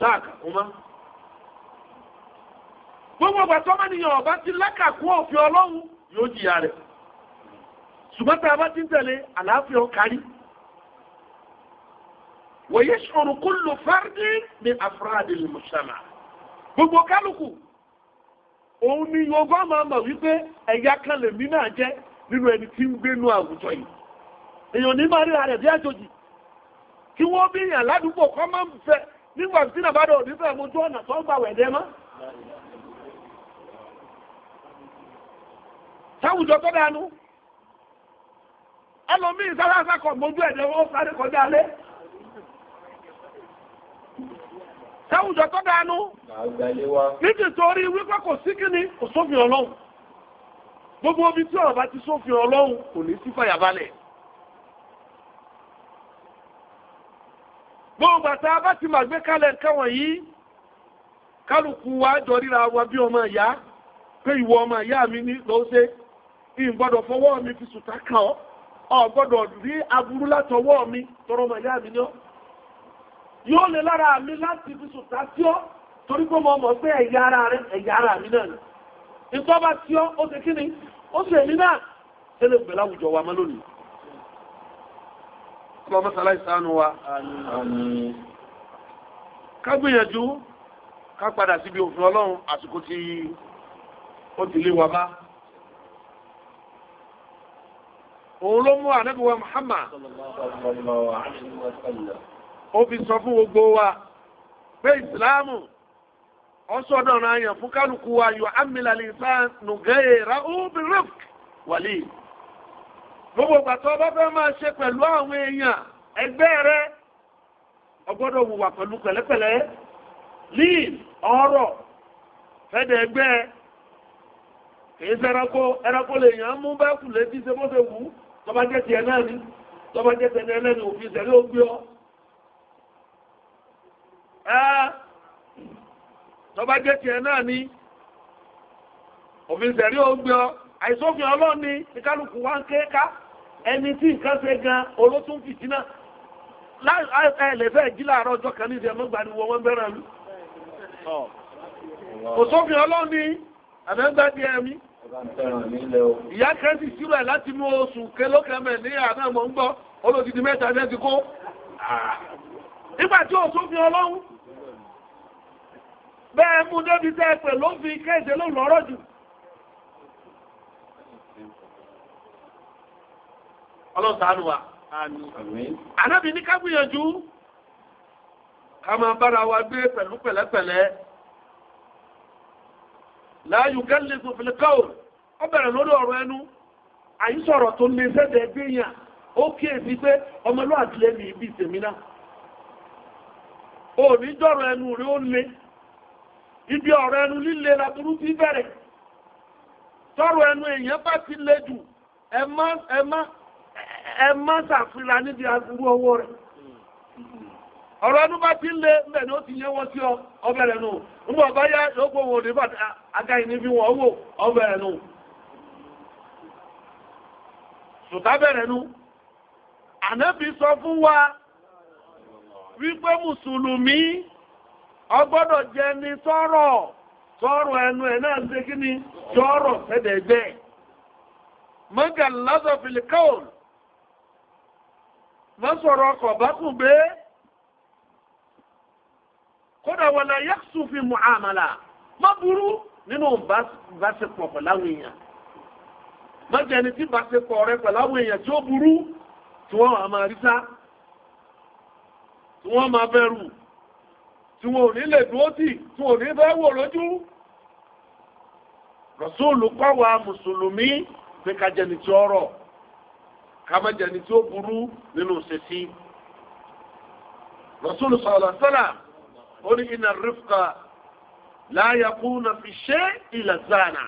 dáàkà ọmọ gbogbo ọgbà tọ́mọ nìyàn ọba ti lákàkú òfin ọlọ́run yóò jìyà rẹ̀ ṣùgbọ́n tá a bá ti ń tẹ̀lé àlàáfíà kárí wòye ṣòro kó lò fárdí ní afúráàdì lè mùsàmà gbogbo kálukú òun ni yorùbá máa mọ̀ wípé ẹ̀yà kan lèmi náà jẹ́ nínú ẹni tí ń gbénu àwùjọ yìí èèyàn ní máa rí ara rẹ̀ bí àjòjì kí wọ́n bí yàn ládùúgbò kọ́ máa ń fẹ́ nígbà tí náà bá dọ̀ òdí fẹ́ mojú ọ̀nà tó ń gbà wẹ̀dẹ́ mọ́. sáwùjọ tó dánú ẹlòmíì sálásá kọ̀ mojú ẹ̀dẹ́ wọn ó sáré kọjá lé. sáwùjọ tó dánú nítorí wípé kò sí kíni kò sófin ọlọ́run gbogbo omi tí ọ̀rọ̀ bá ti sófin ọlọ́run kò ní sí fàyàbalẹ̀. gbogbo àtà bá ti màgbé kalẹ̀ nǹkan wọ̀nyí kálukú wa jọ ríra wa bí ọmọ ìyá pé ìwọ ọmọ ìyá mi ní lọ́sẹ̀ ìgbọ́dọ̀ fọwọ́ mi fi sùtá kàn ọ́ ọ̀gbọ́dọ̀ rí aburú látọwọ́ mi tọrọ ọmọ ìyá mi ní ọ́ yóò lè lára mi láti fi sùtá sí ọ́ torí pé mo mọ̀ pé ẹ̀yà ara rẹ ẹ̀yà ara mi náà ni bá sí ọ́ ó ṣe kí ni ó ṣe èmi náà ṣe lè gbẹ̀láwùjọ wa mọ́ lónìí ọlọ́mọ sàlàyé sànù wa ká gbìyànjú ká padà síbi òfin ọlọ́run àsìkò tí ó ti lé wa bá òun ló mú ó fi sọ fún gbogbo wa pé ìsìláàmù ọsọdọ̀ náà yàn fún wa yóò amílàlì sáà nùgẹ́yẹ̀ ra ó bí rẹ́fù gbogbo ìgbà tó bá fẹ́ máa ṣe pẹ̀lú àwọn èèyàn ẹgbẹ́ rẹ ọgbọ́dọ̀ wùwà pẹ̀lú pẹ̀lẹ́pẹ̀lẹ́ líìn ọ̀rọ̀ fẹ́dẹ̀ ẹgbẹ́ kìí ẹranko ẹranko lè yàn án mú bá kù lé bí ṣe bó ṣe wù ú tọba jẹ́ tiẹ̀ náà ni tọba jẹ́ tẹ̀lé ẹlẹ́ni òfin ìṣẹ̀lẹ̀ ọ. tọba jẹ́ tiẹ̀ náà ni òfin ìṣẹ̀lẹ̀ ní kálukú wá ń ẹni tí nǹkan ṣe gan olótún fìtínà ẹlẹ́fẹ́ jí láàárọ̀ ọjọ́ kan níbi ẹ̀mọ́gbà ni wọ́n bẹ̀rẹ̀ lù kò sófin ọlọ́run ní àbẹ́gbà di ẹ̀mí ìyá kan sì láti mú oṣù kélókẹ́mẹ̀ ní àná mọ̀ ń gbọ́ olódìdí mẹ́ta ẹ̀ ti nígbà tí ò sófin ọlọ́run bẹ́ẹ̀ mú débi tẹ́ pẹ̀ lófin ọlọ́run ṣàánú wa. ànábì ní ká gbìyànjú ká máa bára wa gbé pẹ̀lú pẹ̀lẹ́pẹ̀lẹ́ láàyò gẹ́lẹ́ tó fi káwò ó bẹ̀rẹ̀ lórí ọ̀rọ̀ ẹnu àyíṣọ̀rọ̀ tó lè sẹ́dẹ̀ gbé yàn ó kíyèsí pé ọmọlúwàbí lẹ́nu ibi ìsèmí náà ò ní jọ̀rọ̀ ẹ má ṣàfihàn níbi aburú owó rẹ̀. ọ̀rọ̀ ọdún bá ti ń lé mbẹ̀ ni ó ti yẹ wọ́n sí ọ ọbẹ̀rẹ̀ nù mbọ̀ bá yá lóko wò ní bàtà aga níbi wò nù. sùtá bẹ̀rẹ̀ nù. sọ fún wa wípé mùsùlùmí ọgbọ́dọ̀ jẹ ní sọ̀rọ̀ sọ̀rọ̀ ẹnu ẹ̀ náà ń ṣe kí ni sọ̀rọ̀ mọ́sọ̀rọ̀ ọkọ̀ bá tún gbé kódà wọ́n la yẹ́kṣù fi mú àmàlà má burú nínú ìbáṣepọ̀ pẹ̀láwọn èèyàn má jẹ́ ẹni tí ìbáṣepọ̀ rẹ pẹ̀láwọn èèyàn tí ó burú tí wọ́n wà máa rísá tí wọ́n máa bẹ̀rù tí wọ́n ò ní lè dúró tì tí wọ́n ò ní fẹ́ wò lójú rọ̀súùlù kọ́ wa mùsùlùmí pé ká jẹ́ni tí kámájẹni tí ó burú nínú sẹ́sí. rasulu sallallahu alaihi wasallam ó ní iná rifka láyà kú na fi ṣe ìlà zana.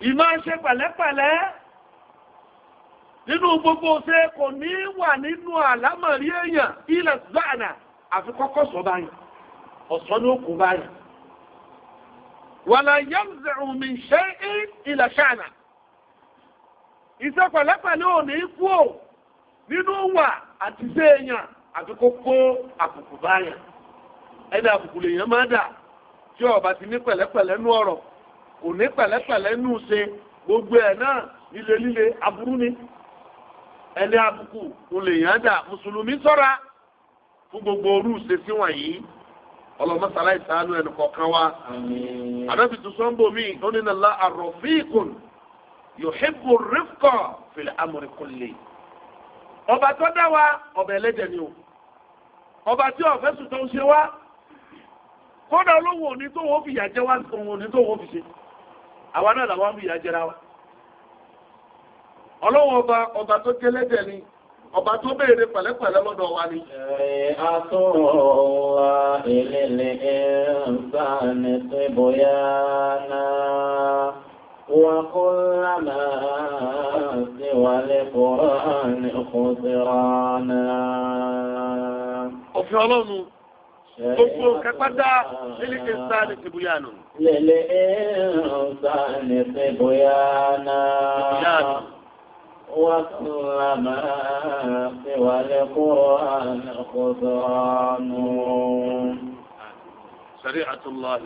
ìmọ̀ ṣe pẹ̀lẹ́pẹ̀lẹ́ nínú gbogbo ṣe kò ní wà nínú àlámọ̀rí èèyàn ìlà zana àfi kọ́kọ́ sọ báyìí ọ̀sán ní òkú báyìí. wàlá yẹ́mùsẹ̀ òmìnṣẹ́ ìlà ṣáná iṣẹ́ pẹ̀lẹ́pẹ̀lẹ́ ò ní kú ò nínú wà àti iṣẹ́ èèyàn àti kó kó àbùkù báyàn ẹni àbùkù lèèyàn máa dà tí ọba ti ní pẹ̀lẹ́pẹ̀lẹ́ nú ọ̀rọ̀ kò ní pẹ̀lẹ́pẹ̀lẹ́ nú ṣe gbogbo ẹ̀ náà líle líle aburú ni ẹni àbùkù ò lèèyàn dà mùsùlùmí ṣọ́ra fún gbogbo orú ṣe sí wọ̀nyí ọlọ́mọ́sálá ìsàánú ẹnì kọ̀ọ̀kan wa àdọ́bìtú sọ́ńbó mi ó àròfíìkùn yòhébù rìfkọ̀ fìlẹ̀ amòrìkùnlé ọba tó dá wa ọba ẹlẹ́dẹ̀ ni o ọba tí ọ̀fẹ́ sùn tó ń ṣe wá kódà olówó òní tó wọ́n fìyà jẹ wá òun òní tó wọ́n fi ṣe àwa náà làwọn ń fìyà jẹra wa ọlọ́wọ́ ọba ọba tó jẹ lẹ́dẹ̀ ni ọba tó béèrè pẹ̀lẹ́pẹ̀lẹ́ lọ́dọ̀ wa ni. ẹ̀rẹ̀ atọ́wà ìlẹ̀lẹ̀ ẹ̀ ń bá ní sí bóyá náà. وكل ما سوى القرآن خسرانا òfin ọlọ́run gbogbo kápátá lílé kẹta ní tìbúyánù. lèlè ẹ̀ẹ́nsá ní tìbúyánà wà kúrò máa fi wà lẹ́kúrò àná kò sọ̀rọ̀ nù. شريعة الله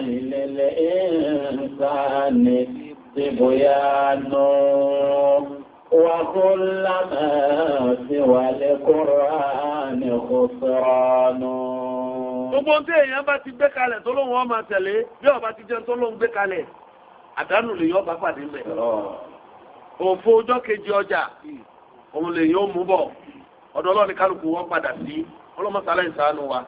للإنسان تبيان وكل ما القرآن خسران gbogbo tí èèyàn bá ti gbé kalẹ̀ tó lóun ọmọ tẹ̀lé bí ọba ti jẹun tó lóun gbé kalẹ̀ àdánù lè yọ ọba pàdé mẹ́. òfò ọjọ́ kejì ọjà òun lè yọ mú bọ̀ ọ̀dọ̀ ọlọ́ni kálukú wọn padà sí ọlọ́mọ sálẹ̀ ń sànù wa